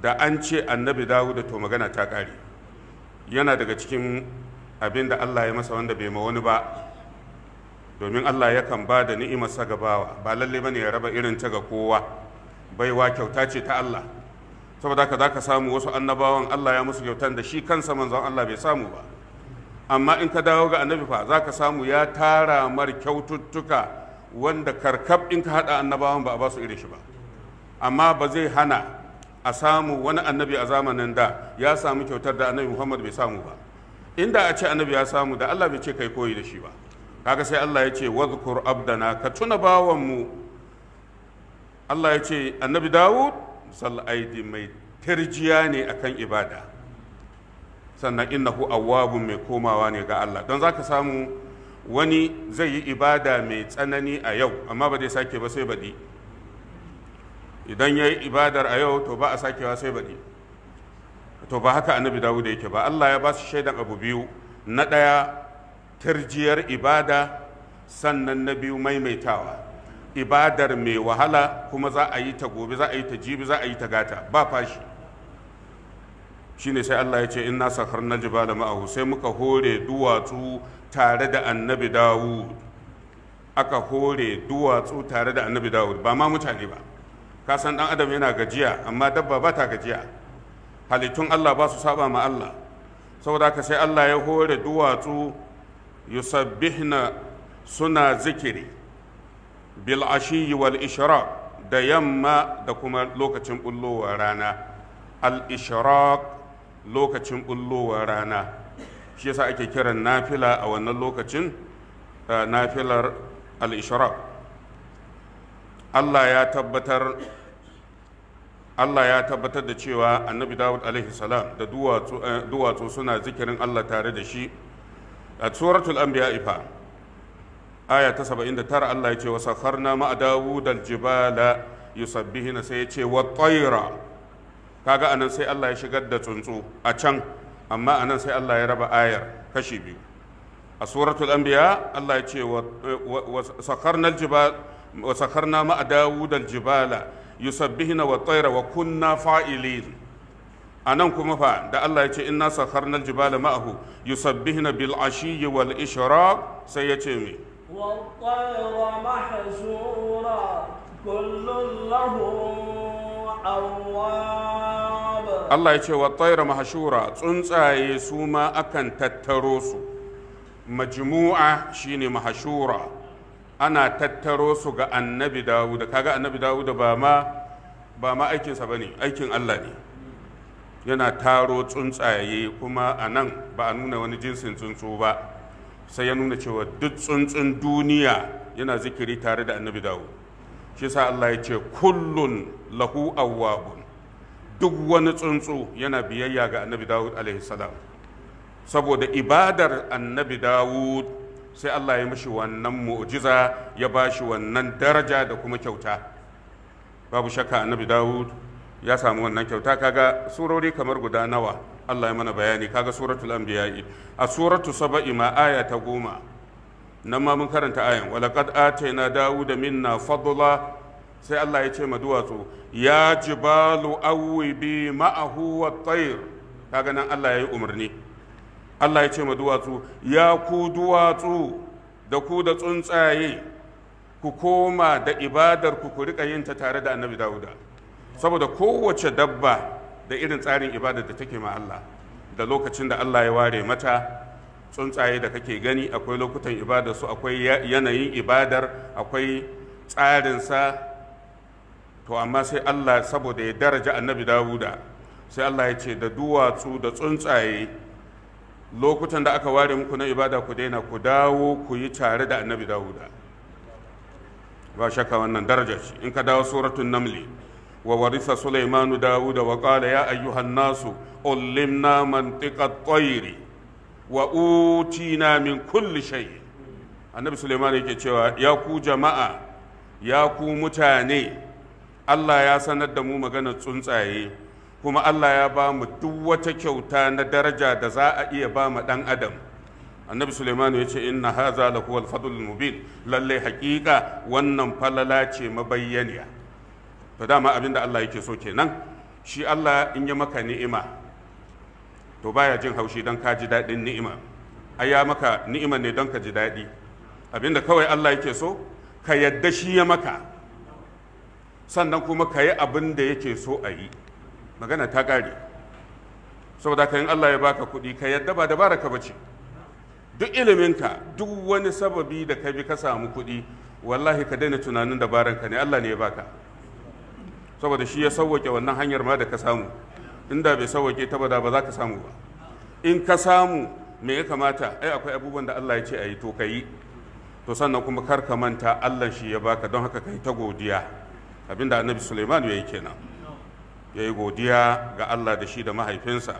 S2: da an ce annabi dawu da to magana ta ƙare yana daga cikin abin da Allah ya masa wanda bai ma wani ba domin Allah yakan ba da ni'imarsa ga bawa ba lalle bane ya raba irin ta ga kowa baiwa kyauta ce ta Allah saboda haka zaka samu wasu annabawan Allah ya musu kyautan da shi kansa manzon Allah bai samu ba amma in ka dawo ga annabi fa zaka samu ya tara mar kyaututtuka wanda karkab in ka hada annabawan ba a ba su irin shi ba amma ba zai hana a samu wani annabi a zamanin da ya samu kyautar da annabi Muhammad bai samu ba inda a ce annabi ya samu da Allah bai ce kai koyi da shi ba kaga sai Allah ya ce wadhkur abdana ka tuna bawanmu Allah ya ce annabi Dawud sal aidi mai tarjiya ne akan ibada sannan innahu awwabun mai komawa ne ga Allah don zaka samu wani zai yi ibada mai tsanani a yau amma ba zai sake ba sai baɗi idan ya yi ibadar a yau to ba a sakewa sai baɗi to ba haka annabi dawud yake ba Allah ya ba su shaidan abu biyu na ɗaya tarjiyar ibada sannan na biyu maimaitawa ibadar mai wahala kuma za a yi ta gobe za a yi ta jibi za a yi ta gata ba fashi shi ne sai Allah ya ce inna sakharna jibala ma'ahu sai muka hore duwatsu tare da annabi Dawud aka hore duwatsu tare da annabi Dawud ba ma mutane ba ka san dan adam yana gajiya amma dabba ba ta gajiya halittun Allah ba su saba ma Allah saboda ka sai Allah ya hore duwatsu yusabbihna suna zikiri bil ashiyi wal ishraq da yamma da kuma lokacin bullowar rana al ishraq lokacin bullowar rana shi yasa ake kiran nafila a wannan lokacin eh, nafilar al ishraq Allah ya tabbatar Allah ya tabbatar da cewa annabi Dawud alaihi salam da duwatsu eh, suna zikirin Allah tare da shi a suratul anbiya ifa aya ta 79 Allah ya ce wa sakharna ma dawud aljibala yusabbihina sai ya ce wa tayra kaga anan sai Allah ya shigar da tsuntsu a can amma anan sai Allah ya raba ayar kashi biyu a suratul anbiya Allah ya ce wa sakharna aljibal wa sakharna ma dawud aljibala yusabbihina wa tayra wa kunna fa'ilin nan kuma fa da Allah ya ce inna sakharna Jibala ma'ahu yusabbihina bil ashiyyi wal ishraq sai ya ce mai.
S1: والطير محشورا كل له أواب
S2: الله يتشي والطير محشورا تنسى سوما أكن تتروس مجموعة شيني محشورا أنا تتروس النبي داود كاغا النبي داود باما باما ma سبني ba الله aikin yana taro tsuntsaye kuma a nan ba a nuna wani jinsin tsuntsu ba sai ya nuna cewa duk tsuntsun duniya yana zikiri tare da annabi dawo shi sa Allah ya ce kullun lahu awwabun duk wani tsuntsu yana biyayya ga annabi dawud alaihi salam saboda ibadar annabi dawud sai Allah ya mashi wannan mu'jiza ya ba shi wannan daraja da kuma kyauta babu shakka annabi dawud ya samu wannan kyauta kaga surori kamar guda nawa Allah ya mana bayani kaga suratul anbiya a suratu saba'i ma aya ta goma nan ma mun karanta ayan walaqad atayna dawuda minna fadla sai Allah ya ce ma duwatsu ya jibalu awwibi ma'ahu wat-tayr kaga nan Allah ya yi umarni Allah ya ce ma duwatsu ya ku duwatsu da ku da tsuntsaye ku koma da ibadar ku ku rika yin ta tare da annabi dawuda saboda kowace dabba da irin tsarin ibada da take ma Allah da lokacin da Allah ya ware mata tsuntsaye da kake gani akwai lokutan ibada su akwai yanayin ibadar akwai tsarinsa to amma sai Allah saboda ya daraja annabi Dawuda sai Allah ya ce da duwatsu da tsuntsaye lokutan da aka ware muku na ibada ku daina ku dawo ku yi tare da annabi Dawuda ba shakka wannan daraja ce in ka dawo suratul namli وورث سليمان داود وقال يا أيها الناس علمنا منطق الطير وأوتينا min kulle شيء annabi suleiman yake cewa ya ku jama'a ya ku mutane allah ya sanar da mu maganar tsuntsaye kuma allah ya ba mu duk wata kyauta na daraja da za a iya ba mu dan adam annabi suleiman ya ce inna haza la huwal fadlul mubin lalle haƙiƙa wannan falala ce mabayyaniya to dama abin da Allah yake so kenan shi Allah in ya maka ni'ima to baya jin haushi don ka ji daɗin ni'ima ai ya maka ni'ima ne don ka ji daɗi abin da kawai Allah yake so ka yadda shi ya maka sannan kuma ka yi abin da yake so a yi magana ta ƙare saboda ka in Allah ya baka kuɗi ka yadda ba dabara ka bace duk iliminka duk wani sababi da ka bi ka samu kuɗi wallahi ka daina tunanin dabaranka ne Allah ne ya baka saboda shi ya sauwake wannan hanyar ma da ka samu inda bai sauwake ta bada ba za ka samu ba in ka samu me ya kamata ai akwai abubuwan da Allah ya ce yi to kayi to sannan kuma kar ka manta Allah shi ya baka don haka kai ta godiya abinda Annabi Sulaiman yi kenan yayi godiya ga Allah da shi da mahaifinsa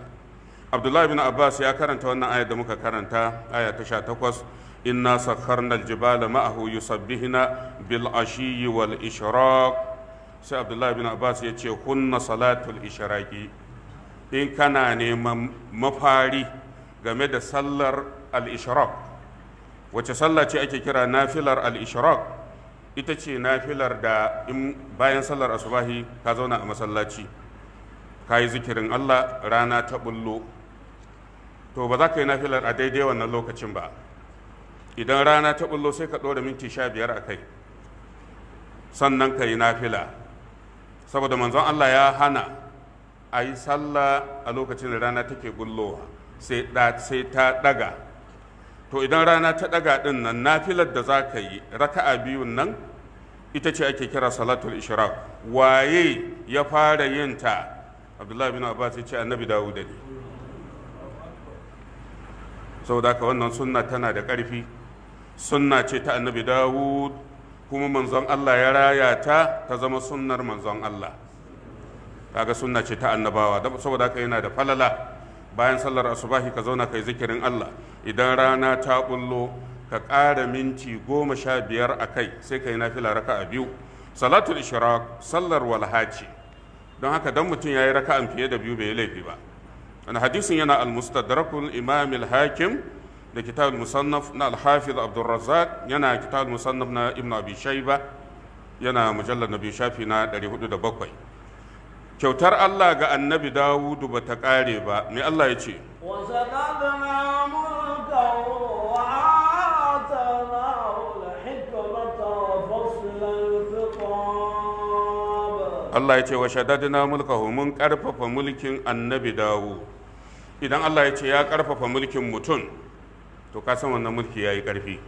S2: Abdullah ibn Abbas ya karanta wannan aya da muka karanta aya ta 18 inna sakharna al-jibala ma'ahu yusabbihna bil ashi wal ishraq sai abdullahi bin abbas ya ce kunna salatul ishraqi in kana neman mafari game da sallar al-ishraq wace sallah ce ake kira nafilar al-ishraq ita ce nafilar da in bayan sallar asubahi ka zauna a masallaci ka yi zikirin allah rana ta bullo to ba za ka yi nafilar a daidai wannan lokacin ba idan rana ta bullo sai ka ɗora minti sha biyar a kai sannan ka yi nafila saboda manzon Allah ya hana a yi sallah a lokacin da rana take gullowa sai ta daga to idan rana ta daga din nan nafilar da za ka yi raka'a biyun nan ita ce ake kira salatul ishraq waye ya fara yin ta abdullahi bin abbas ya ce annabi dawud ne saboda haka wannan sunna tana da ƙarfi sunna ce ta annabi dawud kuma manzon Allah ya raya ta ta zama sunnar manzon Allah kaga sunna ce ta annabawa saboda haka yana da falala bayan sallar asubahi ka zauna kai zikirin Allah idan rana ta bullo ka ƙara minti goma sha biyar a kai sai ka yi nafila raka a biyu salatul ishraq sallar walhaci don haka dan mutum ya yi raka'an fiye da biyu bai laifi ba an hadisin yana al-mustadrakul imam al-hakim da kitab musannaf na alhafiz abdulrazzaq yana kitab musannaf na ibn abi shayba yana mujallar na nabi shafi na 407 kyautar Allah ga annabi dawudu ba ta kare ba me Allah ya ce Allah ya ce wa shaddadina mulkahu mun karfafa mulkin annabi dawu idan Allah ya ce ya karfafa mulkin mutum to ka san wannan mulki ya yi ƙarfi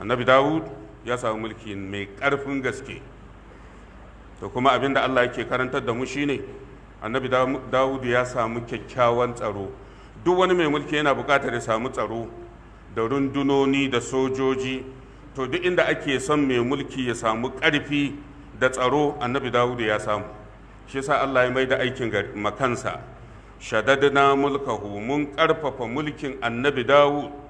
S2: annabi dawud ya samu mulki mai ƙarfin gaske to kuma abinda allah yake karantar da mu shine annabi dawud ya samu kyakkyawan tsaro duk wani mai mulki yana buƙatar ya samu tsaro da rundunoni da sojoji to duk inda ake son mai mulki ya samu ƙarfi da tsaro annabi dawud ya samu shi sa allah ya mai da aikin makansa shadadna mulkahu mun ƙarfafa mulkin annabi dawud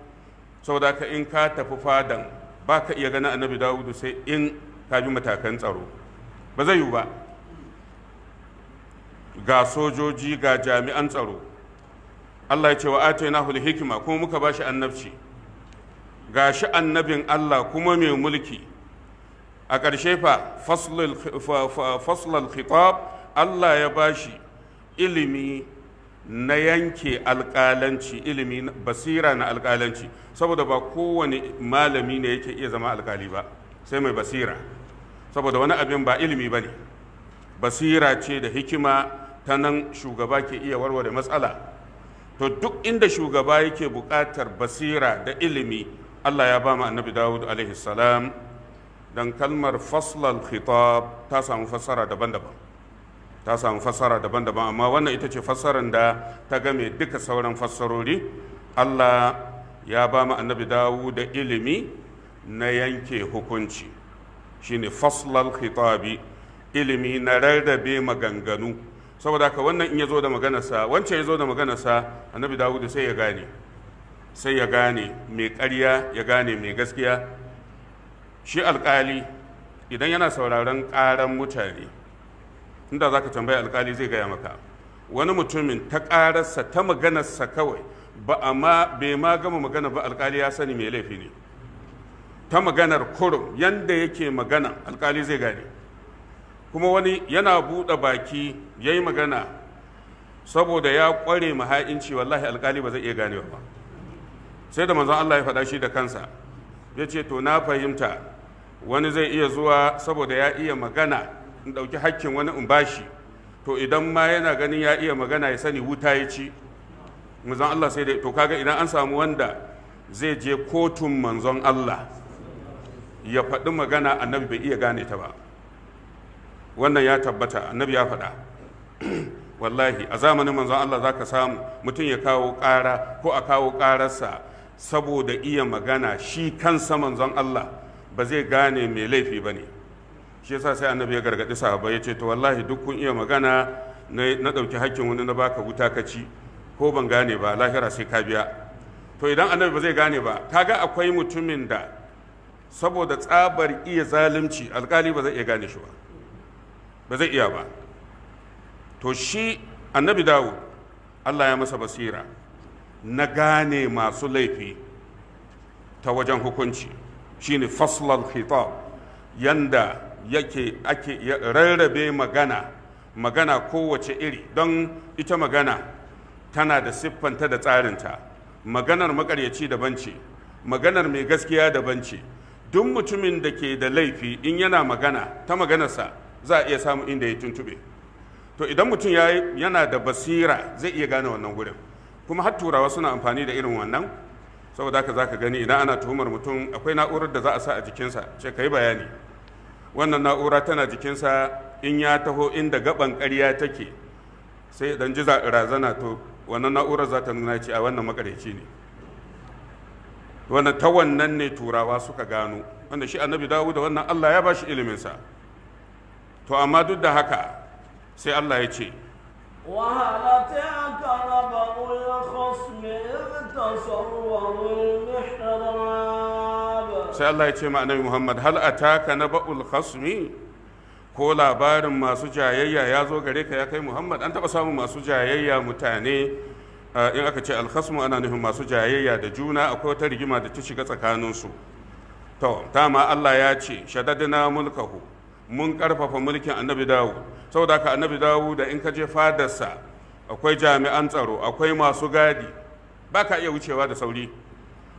S2: saboda ka in ka tafi fadan ba ka iya gani annabi dawudu sai in ka bi matakan tsaro ba zai yiwu ba ga sojoji ga jami'an tsaro allah ya ce wa na hul hikima kuma muka ba shi annabci ga shi annabin allah kuma mai mulki a ƙarshe fa faslal khitab allah ya ba shi ilimi na yanke alƙalanci ilimi basira na alƙalanci saboda ba kowane malami ne yake iya zama alkali ba sai mai basira saboda wani abin ba ilimi ba ne basira ce da hikima ta nan shugaba ke iya warware matsala to duk inda shugaba yake buƙatar basira da ilimi allah ya ba mu annabi dawud alaihi salam don kalmar faslal khitab ta samu fassara daban-daban ta samu fassara daban-daban amma wannan ita ce fassarar da ta game duka sauran fassarori allah ya ba mu annabi dawo da ilimi na yanke hukunci shine faslal khitabi ilimi na rarrabe maganganu saboda haka wannan in ya da maganarsa wancan ya da maganarsa annabi da sai ya gane sai ya gane mai ƙarya ya gane mai gaskiya shi alƙali idan yana sauraron ƙaran mutane inda za ka tambaya alƙali zai gaya maka wani mutumin ta ƙararsa ta maganarsa kawai ba amma bai ma gama magana ba alkali ya sani mai laifi ne ta maganar kurum yanda yake magana alkali zai gane kuma wani yana buɗe baki ya yi magana saboda ya ƙware maha'inci wallahi alkali ba zai iya ganewa ba sai da manzon Allah ya faɗa shi da kansa ya ce to na fahimta wani zai iya zuwa saboda ya iya magana in ɗauki hakkin wani in bashi to idan ma yana ganin ya iya magana ya sani wuta ya ci manzon Allah sai da to kaga idan an samu wanda zai je kotun manzon Allah ya faɗi magana annabi bai iya gane ta ba wannan ya tabbata annabi ya faɗa [CLEARS THROAT] wallahi a zamanin manzon Allah za ka samu mutum ya kawo ƙara ko a kawo ƙararsa saboda iya magana shi kansa manzon Allah ba zai gane mai laifi ba ne shi yasa sai annabi ya gargaɗi ba ya ce to wallahi duk kun iya magana na ɗauki hakkin wani na baka wuta ka ci ko ban gane ba lahira sai ka biya to idan annabi ba zai gane ba kaga akwai mutumin da saboda tsabar iya zalunci alkali ba zai iya gane shi ba ba zai iya ba to shi annabi dawo Allah ya masa basira na gane masu laifi ta wajen hukunci shi ne faslal khitab yanda yake ake rarrabe magana magana kowace iri don ita magana tana da siffanta da tsarinta maganar makaryaci daban ce maganar mai gaskiya daban ce duk mutumin da ke da laifi in yana magana ta maganarsa za a iya samu inda ya tuntube to idan mutum yana da basira zai iya gane wannan gurin kuma har turawa suna amfani da irin wannan saboda haka za ka gani idan ana tuhumar mutum akwai na'urar da za a sa a jikinsa ce ka yi bayani wannan na'ura tana jikinsa in ya taho inda gaban karya take sai dan ji za razana to wannan na'urar za ta nuna ce a wannan makareci ne wannan ta wannan ne turawa suka gano wanda shi annabi dawud da wannan allah ya ba shi iliminsa to amma duk da haka sai allah ya ce
S1: وهل أتاك نبأ الخصم إذ تصوروا المحراب
S2: سأل الله يتشمع نبي محمد هل أتاك نبأ الخصم ko labarin masu jayayya ya zo gare ka ya kai muhammad an taba samun masu jayayya mutane eh, in aka ce alkhasmu ana nufin masu jayayya da juna akwai wata rigima da ta shiga tsakaninsu to ma allah ya ce shadadina mulkahu mun karfafa mulkin annabi dawu saboda haka annabi dawu da in ka je fadarsa akwai jami'an tsaro akwai masu gadi ba ka iya wucewa da sauri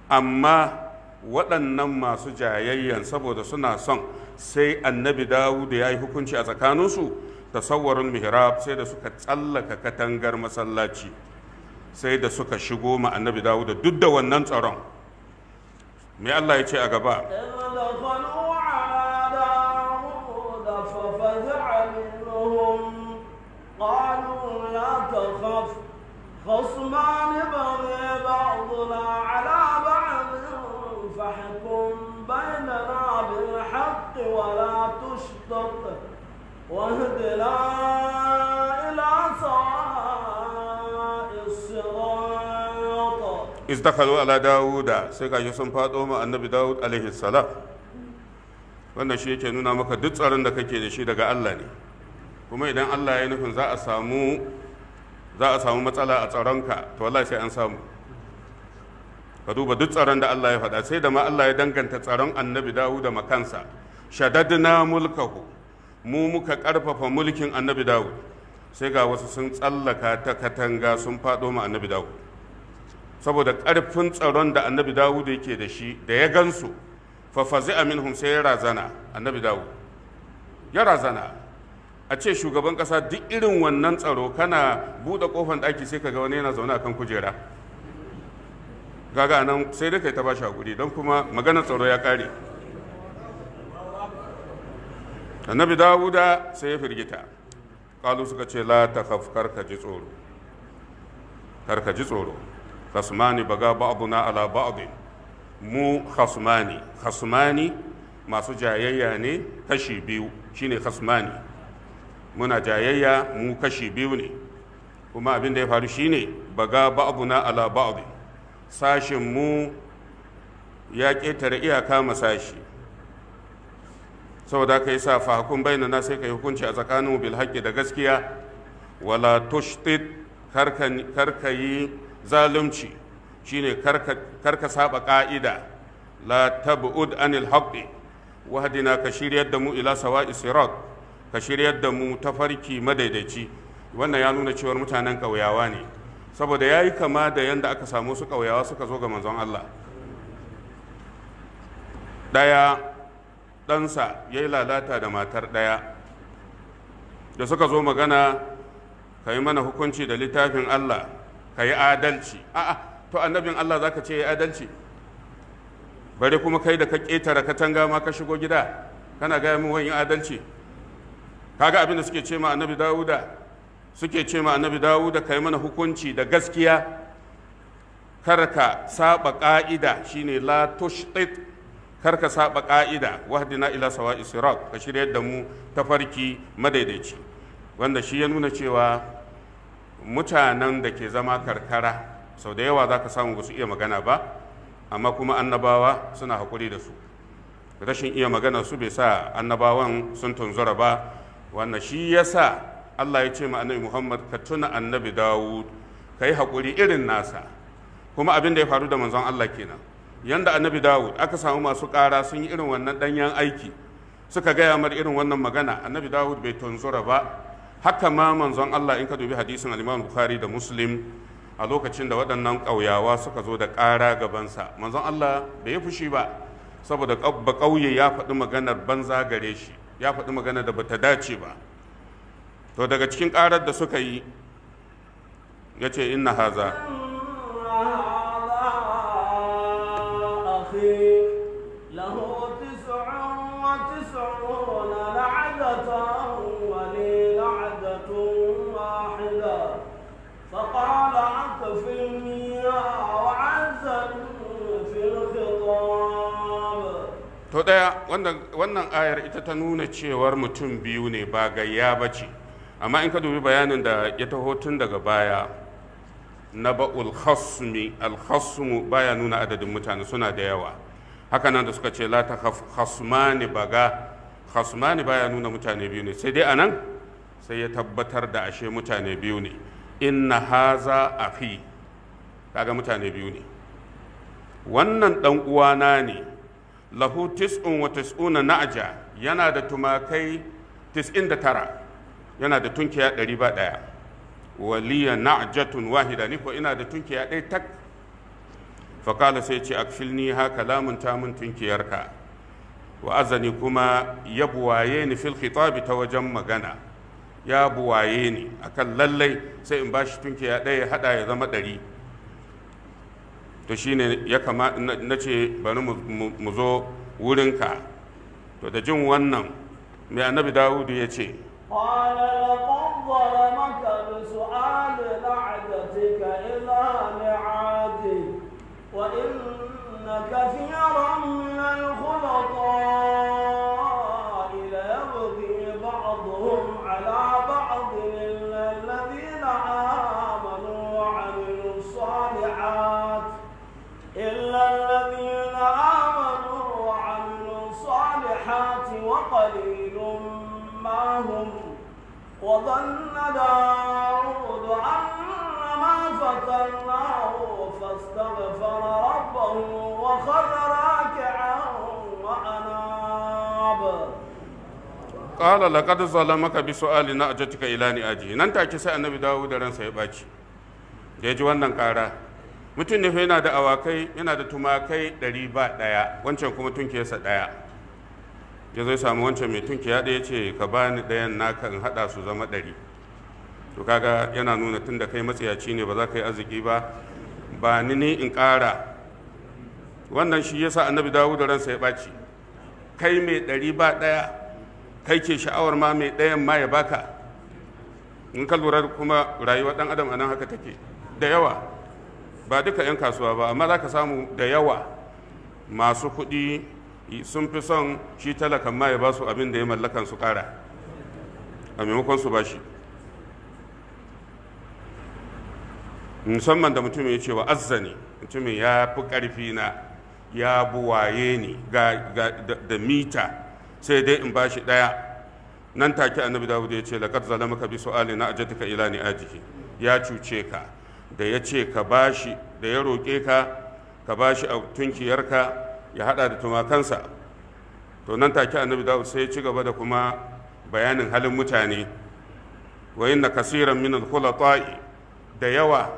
S2: amma waɗannan masu jayayyan saboda suna son sai annabi Dawud ya yi hukunci a tsakaninsu tasawwarin mihrab sai da suka tsallaka katangar masallaci sai da suka shigo ma annabi dawudu duk da wannan tsaron me allah ya ce a gaba
S1: خصمان بغي بعضنا على فاحكم بيننا بالحق ولا تشطط واهدنا الى سواء الصراط
S2: إذ دخلوا على داود سيكا يسون فاطمة النبي Dawud عليه السلام wannan shi yake nuna maka duk tsarin da kake da shi daga Allah ne kuma idan Allah ya nufin za a samu matsala a tsaronka to wallahi sai an samu ka duba duk tsaron da Allah ya faɗa sai da ma Allah ya danganta tsaron annabi dawu da makansa shadadna mulkahu mu muka ƙarfafa mulkin annabi Dawu. sai ga wasu sun tsallaka ta katanga sun faɗo ma annabi Dawu. saboda ƙarfin tsaron da annabi Dawu da yake da shi da ya gansu fafazi fazi'a sai ya razana annabi Dawu. ya razana a ce shugaban ƙasa duk irin wannan tsaro kana buɗe ƙofan ɗaki sai ka ga wani yana zaune a kan kujera gaga nan sai dai kai ta bashi hakuri don kuma maganar tsaro ya kare annabi dawuda sai ya firgita kalu suka ce la ta karka ji tsoro karka ji tsoro khasmani baga ba'duna ala ba'din mu khasmani khasmani masu jayayya ne kashi biyu shine khasmani muna jayayya mu kashi biyu ne kuma abin da ya faru shine baga ba'duna ala ba'din Sashen mu ya ƙetare iyaka ma sashi saboda ka yi sa fahakun bayyana na sai ka yi hukunci a tsakaninmu bil haƙƙi da gaskiya wala tushtit karka yi zalunci shine karka saba ƙa'ida la tab'ud anil haqqi wahdina ka shiryar da mu ila sawa'i sirat ka shirya da mu tafarki madaidaici wannan ya nuna cewar mutanen ƙauyawa ne saboda ya yi kama da yadda aka samu su ƙauyawa suka zo ga manzon Allah ɗaya ɗansa ya yi lalata da matar ɗaya da suka zo magana ka yi mana hukunci da littafin Allah ka yi adalci a'a to annabin Allah za ka ce ya adalci bari kuma kai da ka ƙetare katanga ma ka shigo gida kana gaya min wani adalci kaga abin da suke ce ma annabi dawuda suke ce ma annabi dawo da kai mana hukunci da gaskiya karka saba ka'ida shine la tushtit karka saba ka'ida wahdina ila sawa'i sirat ka shiryar da mu ta farki madaidaici wanda shi ya nuna cewa mutanen da ke zama karkara sau da yawa za ka samu ba su iya magana ba amma kuma annabawa suna haƙuri da su rashin iya magana su bai sa annabawan sun tunzura ba wannan shi ya sa Allah ya ce ma annabi Muhammad ka tuna annabi Dawud ka yi haƙuri irin nasa kuma abin da ya faru da manzon Allah kenan yanda annabi Dawud aka samu masu ƙara sun yi irin wannan ɗanyen aiki suka gaya mar irin wannan magana annabi Dawud bai tunzura ba haka ma manzon Allah in ka dubi hadisin al-Imam Bukhari da Muslim a lokacin da waɗannan ƙauyawa suka zo da ƙara gabansa manzon Allah bai fushi ba saboda ƙauye ya faɗi maganar banza gare shi ya faɗi maganar da bata dace ba to daga cikin ƙarar da suka yi ya ce inna haza to ɗaya wannan ayar ita ta nuna cewar mutum biyu ne ba gayya ba ce amma in ka dubi bayanin da ya taho tun daga baya na ba'ul khasmi al khasmu baya nuna adadin mutane suna da yawa haka nan da suka ce la ta khasmani baga khasmani baya nuna mutane biyu ne sai dai anan sai ya tabbatar da ashe mutane biyu ne inna haza akhi kaga mutane biyu ne wannan dan uwana ne lahu tis'un wa tis'una na'ja yana da tumakai tis'in da tara yana da tunkiya ɗari ba ɗaya waliya na'jatun wahida ni ko ina da tunkiya ɗaya tak faƙala sai ce akfilni haka kalamun tamun tunkiyarka wa azani kuma ya buwaye ni fil khitabi ta wajen magana ya buwaye ni akan lallai sai in bashi tunkiya ɗaya haɗa ya zama ɗari to shine ya kama na ce bari mu zo wurinka to da jin wannan mai annabi dawudu ya ce
S1: قال لقد ظلمك بسؤال نعجتك إلى معادي وإن كثيرا من الخلطاء ليبغي بعضهم على بعض إلا الذين آمنوا وعملوا الصالحات إلا الذين آمنوا وعملوا الصالحات وقليل منهم معهم وظن داود أن a فتناه فاستغفر ربه وخر راكعا وأناب
S2: قال لقد ظلمك بسؤال نأجتك إلى نأجه nan take sai annabi dawo da ransa ya baci da ya ji wannan kara mutum ne yana da awakai yana da tumakai ɗari ba ɗaya wancan kuma tunkiyarsa ɗaya ya zai samu wancan mai tunkiya ɗaya ce ka ba ni ɗayan na kan haɗa su zama ɗari to kaga yana nuna tun da kai matsiyaci ne ba za ka yi arziki ba ba ni ne in ƙara wannan shi yasa annabi dawo da ransa ya ɓaci kai mai ɗari ba ɗaya kai ke sha'awar ma mai ɗayan ma ya baka in ka lura kuma rayuwa ɗan adam a nan haka take da yawa ba duka 'yan kasuwa ba amma za ka samu da yawa masu kuɗi sun fi son shi talakan ma ya ba su abin da ya mallakan su kara a maimakon su ba shi musamman da mutumin ya ce wa azzani mutumin ya fi ƙarfi na ya buwaye ni da mita sai dai in bashi shi ɗaya nan take annabi dawud ya ce laqad zalamaka bi su'ali na ajatika ila ni ajiki ya cuce ka da ya ce ka bashi da ya roke ka ka bashi a tunkiyarka ya hada da tumakansa to nan take annabi dawud sai ya ci gaba da kuma bayanin halin mutane wa inna kasiran min al-khulata'i da yawa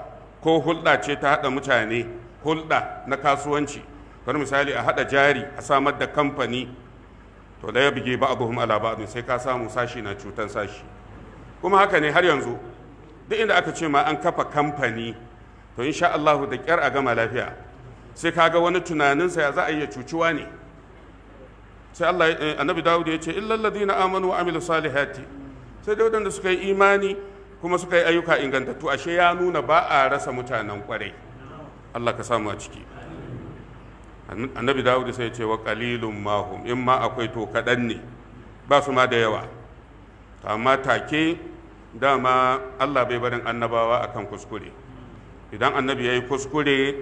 S2: ko hulɗa ce ta hada mutane hulɗa na kasuwanci kamar misali a hada jari a samar da kamfani to da ya bige ba'dhum ala ba'd sai ka samu sashi na cutan sashi kuma haka ne har yanzu duk inda aka ce ma an kafa kamfani to insha Allah da kyar a gama lafiya sai kaga wani tunaninsa ya za a iya cuciwa ne sai Allah eh, annabi Dawud ya ce illal ladina amanu wa amilu salihati sai dai da suka yi imani kuma suka yi ayyuka ingantattu ashe ya nuna ba a rasa mutanen kwarai Allah ka samu a ciki annabi Dawud sai ya ce wa qalilum mahum in ma akwai to kadan ne ba su ma da yawa amma take dama Allah bai barin annabawa akan kuskure idan annabi yayi kuskure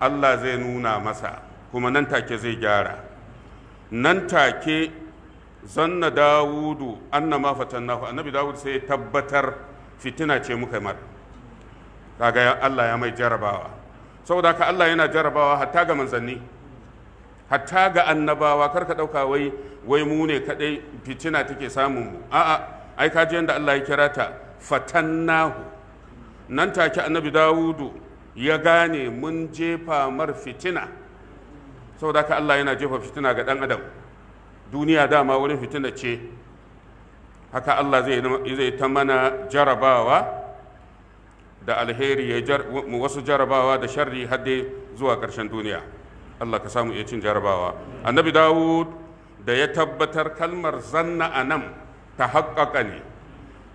S2: Allah zai nuna masa kuma nan take zai gyara nan take zanna dawudu annama fatannahu annabi Dawudu sai tabbatar fitina ce muka mar kaga Allah ya mai jarabawa saboda ka Allah yana jarabawa hatta ga manzanni hatta ga annabawa karka dauka wai wai mu ne kadai fitina take samun mu a'a ai ka ji yanda Allah ya kira ta fatannahu nan take annabi dawudu ya gane mun jefa mar fitina saboda ka Allah yana jefa fitina ga ɗan adam duniya dama wurin fitina ce haka Allah zai ta mana jarabawa da alheri ya wasu jarabawa da sharri hadde zuwa ƙarshen duniya Allah ka samu iya cin jarabawa annabi dawud da ya tabbatar kalmar zanna a nan ta haƙaƙa ne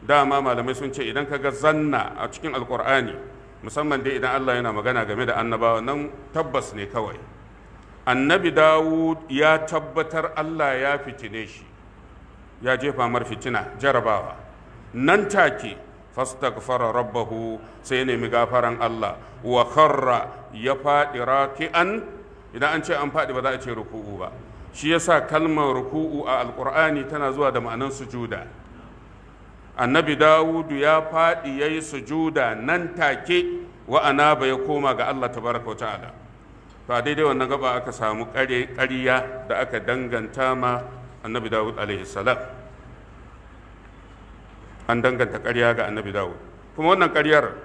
S2: dama malamai sun ce idan ka ga zanna a cikin alƙur'ani musamman dai idan Allah yana magana game da annabawa nan tabbas ne kawai annabi dawud ya tabbatar Allah ya fitine shi ya jefa mar fitina jarabawa nan take fastaghfara rabbahu sai nemi gafaran Allah wa kharra ya faɗi raki'an idan an ce an faɗi ba za a ce ruku'u ba shi yasa kalmar ruku'u a alqur'ani tana zuwa da ma'anar sujuda annabi dawudu ya faɗi ya yi sujuda nan take wa'ana ba ya koma ga allah tabaraka wa ta'ala to a daidai wannan gaba aka samu ƙarya da aka danganta ma annabi dawud alaihi salam an danganta ƙarya ga annabi dawud kuma wannan ƙaryar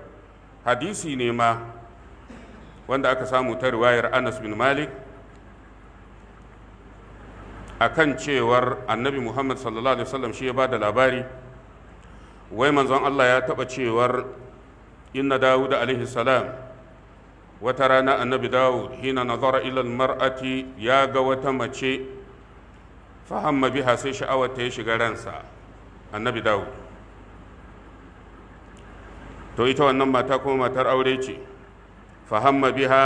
S2: hadisi ne ma wanda aka samu ta riwayar anas bin malik a kan cewar annabi muhammad sallallahu alaihi wasallam shi ya ba da labari wai manzon Allah ya taɓa cewar inna dawud alaihi salam wata rana annabi dawud hina nazara ilal mar'ati ya ga wata mace fahamma biha sai sha'awar ta ya shiga ransa annabi dawud to ita wannan mata kuma matar aure ce fahamma biha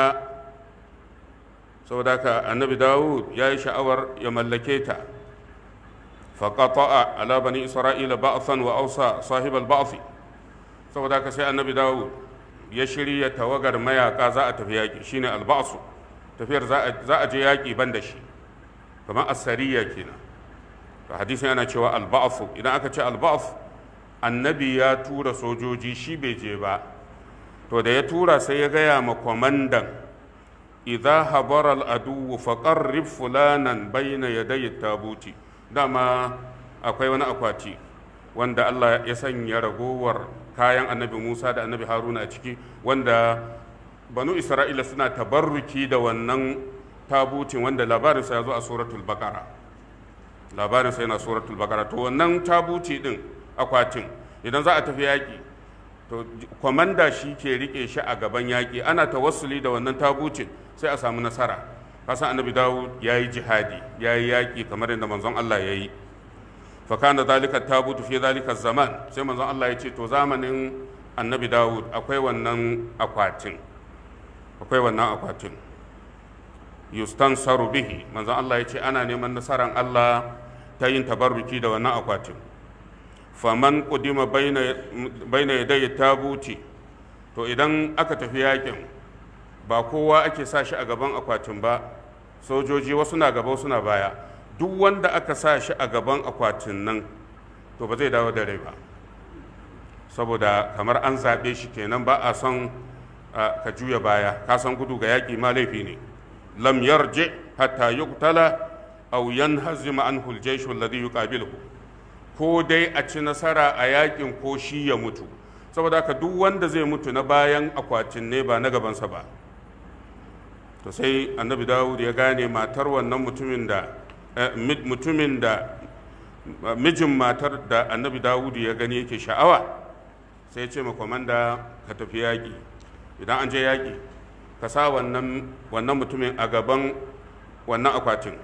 S2: saboda ka annabi dawud ya yi sha'awar ya mallake ta فقطع على بني إسرائيل بعثا وأوصى صاحب البعث saboda ka sai annabi dawo ya shirya tawagar mayaka za a tafi yaƙi shine alba'su tafiyar za a je yaƙi ban da shi kamar asariya kenan to hadisin ana cewa alba'su idan aka ce alba'su annabi ya tura sojoji shi bai je ba to da ya tura sai ya gaya ma kwamandan idza habara al-adu faqarrib fulanan bayna ta tabuti dama akwai wani akwati wanda Allah ya sanya ragowar kayan annabi Musa da annabi Haruna a ciki wanda banu Isra'ila suna tabarruki da wannan tabutin wanda labarinsa ya zo a suratul baqara labarinsa yana suratul baqara to wannan tabuti din akwatin idan za a tafi yaƙi to kwamanda shi ke rike shi a gaban yaƙi ana tawassuli da wannan tabutin sai a samu nasara kasan annabi dawud ya yi jihadi ya yi yaƙi kamar yadda manzon allah ya yi fakana zalika tabutu fi zalika zaman sai manzon allah ya ce to zamanin annabi dawud akwai wannan akwatin akwai wannan akwatin Saru bihi manzon allah ya ce ana neman nasaran allah ta yin tabarruki da wannan akwatin faman kudima baina yadai tabuti to idan aka tafi yakin ba kowa ake sa shi a gaban akwatin ba sojoji wasu na gaba wasu na baya duk wanda aka sa shi a gaban akwatin nan to ba zai dawo da rai ba saboda kamar an zaɓe shi kenan ba a son ka juya baya ka san gudu ga yaƙi ma laifi ne lam yarje hatta yuqtala aw yanhazima anhu al-jaysh alladhi yuqabiluhu ko dai a ci nasara a yaƙin ko shi ya mutu saboda haka duk wanda zai mutu na bayan akwatin ne ba na gabansa ba to sai annabi dawud ya gane matar wannan mutumin da eh, mutumin da eh, mijin matar da annabi dawud ya gani yake sha'awa sai ya ce ma komanda ka tafi yaƙi idan an je yaƙi ka sa wannan mutumin a gaban wannan akwatin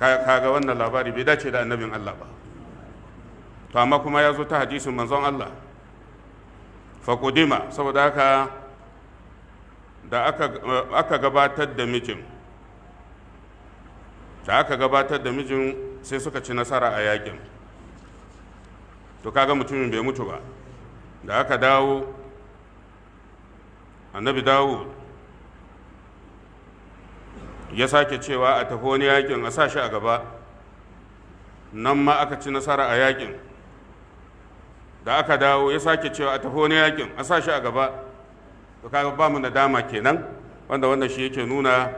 S2: kaga wannan labari bai dace da annabin allah ba to amma kuma ya zo ta hadisin manzon allah faƙudima saboda haka da aka gabatar da mijin da aka gabatar da mijin sai suka ci nasara a yakin to kaga mutumin bai mutu ba da aka dawo annabi dawo ya sake cewa a tafi wani yakin a sa shi a gaba nan ma aka ci nasara a yakin da aka dawo ya sake cewa a tafi wani yakin a sa shi a gaba to kaga ba mu nadama kenan wanda wannan shi yake nuna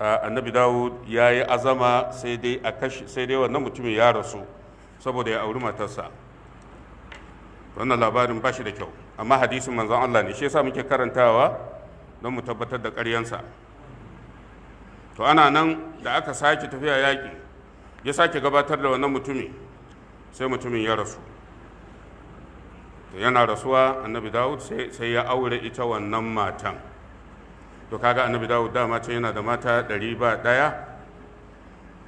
S2: annabi dawud ya yi azama sai dai a kashi sai dai wannan mutumin ya rasu saboda ya auri matarsa wannan labarin ba shi da kyau amma hadisin manzon Allah ne shi sa muke karantawa don mu tabbatar da ƙaryansa to ana nan da aka sake tafiya yaƙi ya sake gabatar da wannan mutumi sai mutumin ya rasu to yana rasuwa annabi dawud sai ya aure ita wannan matan to kaga annabi dawud dama ce yana da mata ɗari ba ɗaya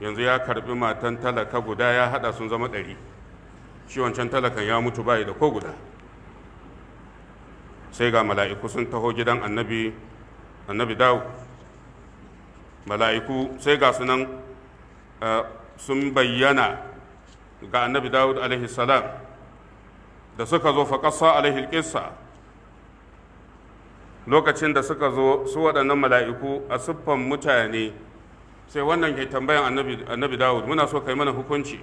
S2: yanzu ya karbi matan talaka guda ya haɗa sun zama ɗari shi wancan talakan ya mutu bayi da ko guda sai ga mala'iku sun taho gidan annabi annabi dawud mala'iku sai ga sunan eh, sun bayyana ga annabi dawud alaihi salam da suka zo faƙasa alaihi ƙissa lokacin da suka zo su waɗannan mala'iku a siffan mutane sai wannan ke tambayan annabi dawud muna so kai mana hukunci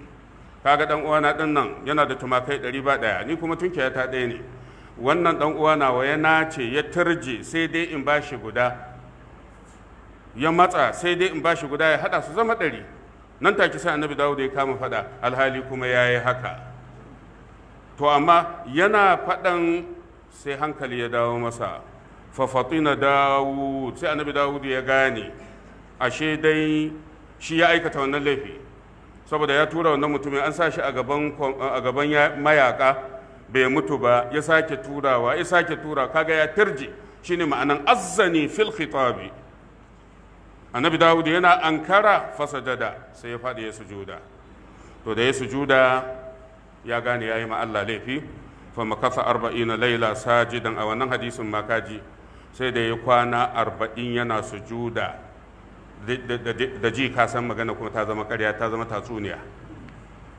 S2: kaga dan uwana din nan yana da tumakai ɗari ba ɗaya ni kuma tunkiya ta ɗaya ne wannan dan uwa wa ya nace ya turje sai dai in bashi guda ya matsa sai dai in bashi guda ya haɗa su zama ɗari nan take sai annabi dawud ya kama faɗa alhali kuma ya yi haka to amma yana faɗan sai hankali ya dawo masa fafatina dawud sai annabi dawud ya gane ashe dai shi ya aikata wannan laifi saboda ya tura wannan mutumin an sa shi a gaban mayaka bai mutu ba ya sake turawa ya sake tura kaga ya tarji shine ma'anan azzani fil khitabi annabi dawud yana ankara fasajada sai ya faɗi ya sujuda to da ya sujuda ya gane yi ma Allah laifi fa makasa arba'ina laila sajidan a wannan hadisin makaji sai da ya kwana arba'in yana sujuda da ji ka san magana kuma ta zama ƙarya ta zama tatsuniya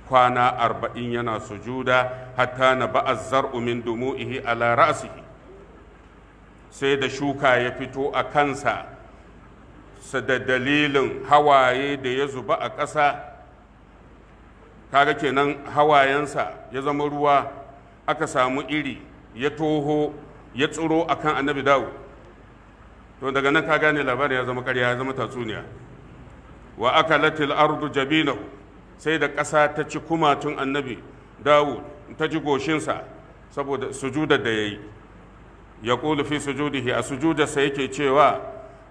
S2: kwana arba'in yana sujuda hatta na ba'azzar min dumu'ihi ala ra'sihi sai da shuka ya fito a kansa da dalilin hawaye da ya zuba a ƙasa kaga kenan hawayensa ya zama ruwa aka samu iri ya toho ya tsiro akan annabi dawo to daga nan ka gane labarin ya zama karya ya zama tatsuniya wa aka latil ardu jabinahu sai da ƙasa ta ci kumatun annabi dawo ta ji goshinsa saboda sujudar da ya yi ya fi sujudihi a sujudarsa yake cewa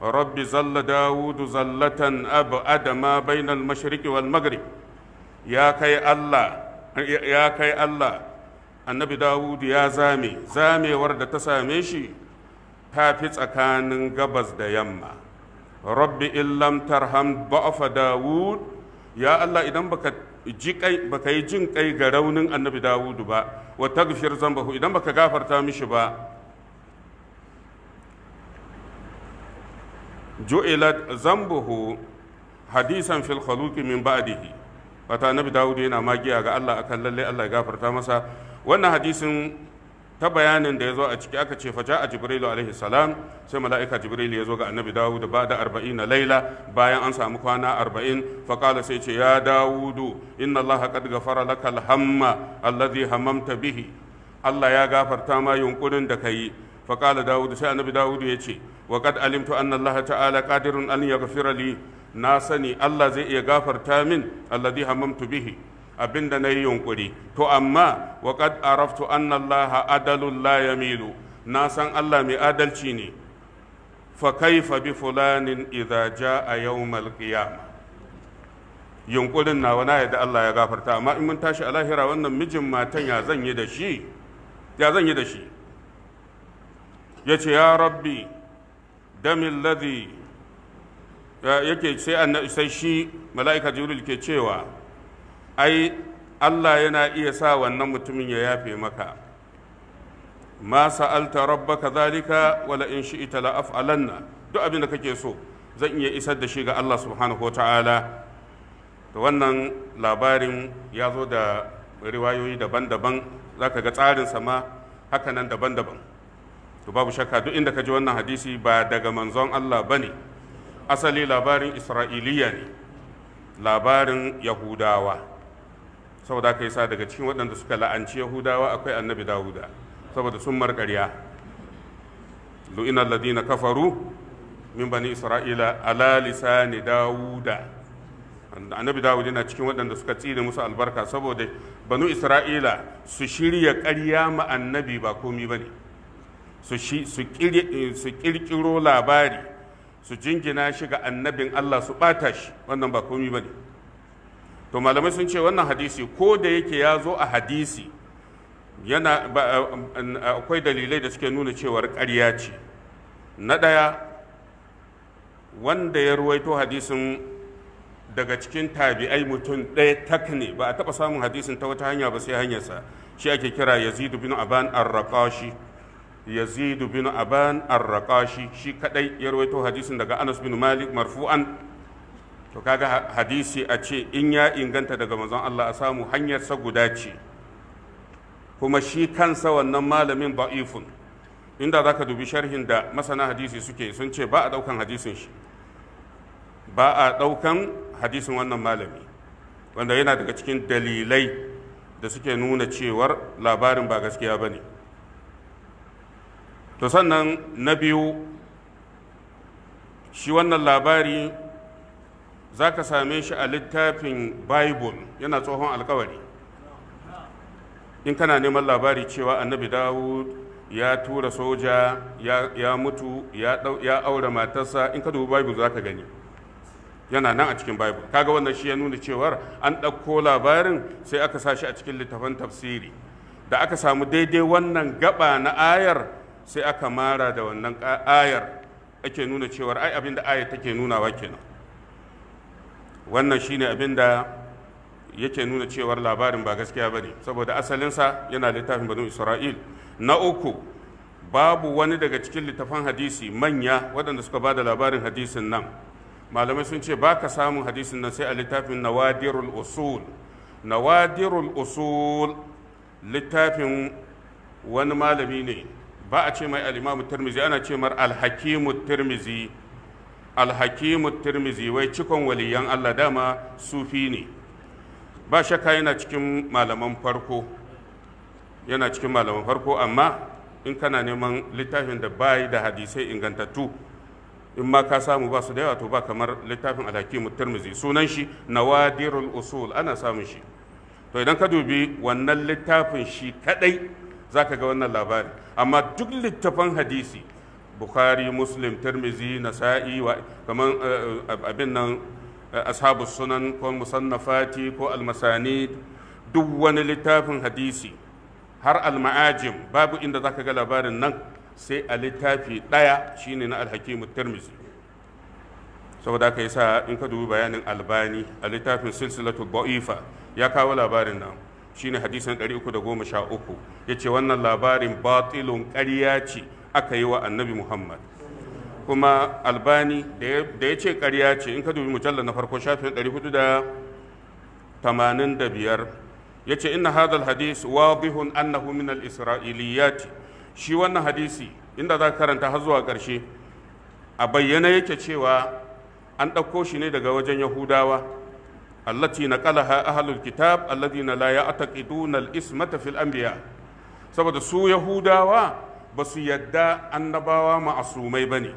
S2: rabbi zalla dawudu zallatan abu adama bainal mashariki wal maghrib ya kai Allah ya kai Allah annabi Dawudu ya zame zamewar da ta same shi ta fi tsakanin gabas da yamma rabbi illam tarham ba'fa Dawud ya Allah idan baka baka yi jin kai ga raunin annabi Dawudu ba wa tagfir zambahu idan baka gafarta mishi ba ju'ilat zambuhu hadisan fil khaluqi min ba'dihi wata annabi dawudu yana magiya ga allah akan lalle allah ya gafarta masa wannan hadisin ta bayanin da ya zo a ciki aka ce faja a jibrilu alaihi salam sai mala'ika jibrilu ya zo ga annabi dawud ba da arba'in na laila bayan an samu kwana arba'in faƙala sai ce ya dawudu inna allah qad gafara laka alhamma alladhi hamamta bihi allah ya gafarta ma yunkurin da ka yi faƙala dawud sai annabi dawud ya ce wa qad alimtu anna allaha ta'ala qadirun an na sani allah zai iya gafarta min alladhi hamamtu bihi abinda na yi yunkuri to amma wa araftu anna allaha adalun la na san allah mai adalci ne fa kaifa bi fulanin idza a yawmal qiyamah yunkurin nawa na yadda Allah ya gafarta amma in mun tashi a lahira wannan mijin matan ya zan ya zan yi da shi ya ce ya rabbi damin ladhi yake sai sai shi mala'ika jibril ke cewa ai Allah yana iya sa wannan mutumin ya yafe maka ma sa'alta rabbaka zalika wala in shi'ita la af'alanna duk abin da kake so zan iya isar da shi ga Allah subhanahu wata'ala to wannan labarin ya zo da riwayoyi daban-daban zaka ga tsarin sama haka nan daban-daban to babu shakka duk inda ka ji wannan hadisi ba daga manzon Allah ba ne asali labarin isra'iliya ne labarin yahudawa saboda aka yasa daga cikin waɗanda suka la'anci yahudawa akwai annabi dawuda saboda sun marƙarya lu'ina ladina kafaru min bani isra'ila ala lisani dawuda annabi dawud yana cikin waɗanda suka tsire musu albarka saboda banu isra'ila su shirya ƙarya ma annabi ba komi ba ne su shi eh, su kirkiro labari su jingina shi ga annabin Allah su bata shi wannan ba komi ba ne to malamai sun ce wannan hadisi ko da yake ya zo a hadisi yana eh, eh, akwai dalilai da suke nuna cewar ƙarya ce na ɗaya wanda ya ruwaito hadisin daga cikin tabi'ai mutum ɗaya tak ba a taɓa samun hadisin ta wata hanya ba sai hanyarsa shi ake kira yazidu bin aban arraƙashi yazid bin aban ar-raqashi shi kadai ya rawaito hadisin daga anas bin malik marfu'an to kaga hadisi a ce in ya inganta daga manzon Allah a samu hanyar sa guda ce kuma shi kansa wannan malamin da'ifun inda zaka dubi sharhin da masana hadisi suke sun ce ba a daukan hadisin shi ba a daukan hadisin wannan malami wanda yana daga cikin dalilai da suke nuna cewar labarin ba gaskiya bane ne to sannan na biyu shi wannan labari za ka same shi a littafin bible yana tsohon alkawari in kana neman labari cewa annabi dawud ya tura soja ya, mutu ya, aure matarsa in ka dubi bible za ka gani yana nan a cikin bible kaga wannan shi ya nuna cewar an ɗauko labarin sai aka sa shi a cikin littafin tafsiri da aka samu daidai wannan gaba na ayar sai aka mara da wannan ayar ake nuna cewar ai abinda ayar take nunawa kenan wannan shine abinda yake nuna cewar labarin ba gaskiya bane saboda asalinsa yana littafin banu isra'il na uku babu wani daga cikin littafan hadisi manya waɗanda suka ba da labarin hadisin nan malamai sun ce ba ka samun hadisin nan sai a littafin nawadirul usul nawadirul usul littafin wani malami ne ba a ce mai al'imamu turmizi ana ce mar alhakimu turmizi alhakimu turmizi wai cikon waliyan allah dama sufi ne ba shakka yana cikin malaman farko yana cikin malaman farko amma in kana neman littafin da bai da hadisai ingantattu in ma ka samu ba su da yawa to ba kamar littafin alhakimu turmizi sunan shi nawadirul usul ana samun shi to idan ka dubi wannan littafin shi kadai zaka ga wannan labari amma duk littafan hadisi bukhari muslim tirmizi nasa'i kamar eh, eh, abin nan eh, ashabu sunan ko musannafati ko almasani duk wani littafin hadisi har alma'ajim babu inda zaka ga labarin nan sai a littafi ɗaya shine na alhakim tirmizi saboda ka yi sa in ka dubi bayanin albani a littafin silsilatu ba'ifa ya kawo labarin nan shine hadisin 313 yace wannan labarin batilun ƙarya ce aka yi wa annabi Muhammad kuma albani da ya ce ƙarya ce in ka dubi mujallar na farko shafin 485 ya ce inna hadal hadis wadihun annahu min al shi wannan hadisi inda za karanta har zuwa ƙarshe a bayyana yake cewa an ɗauko shi ne daga wajen yahudawa allati naqalaha ahlul kitab alladhina la ya'taqiduna al-ismata fil anbiya saboda su yahudawa ba su yadda annabawa ma'asumai bane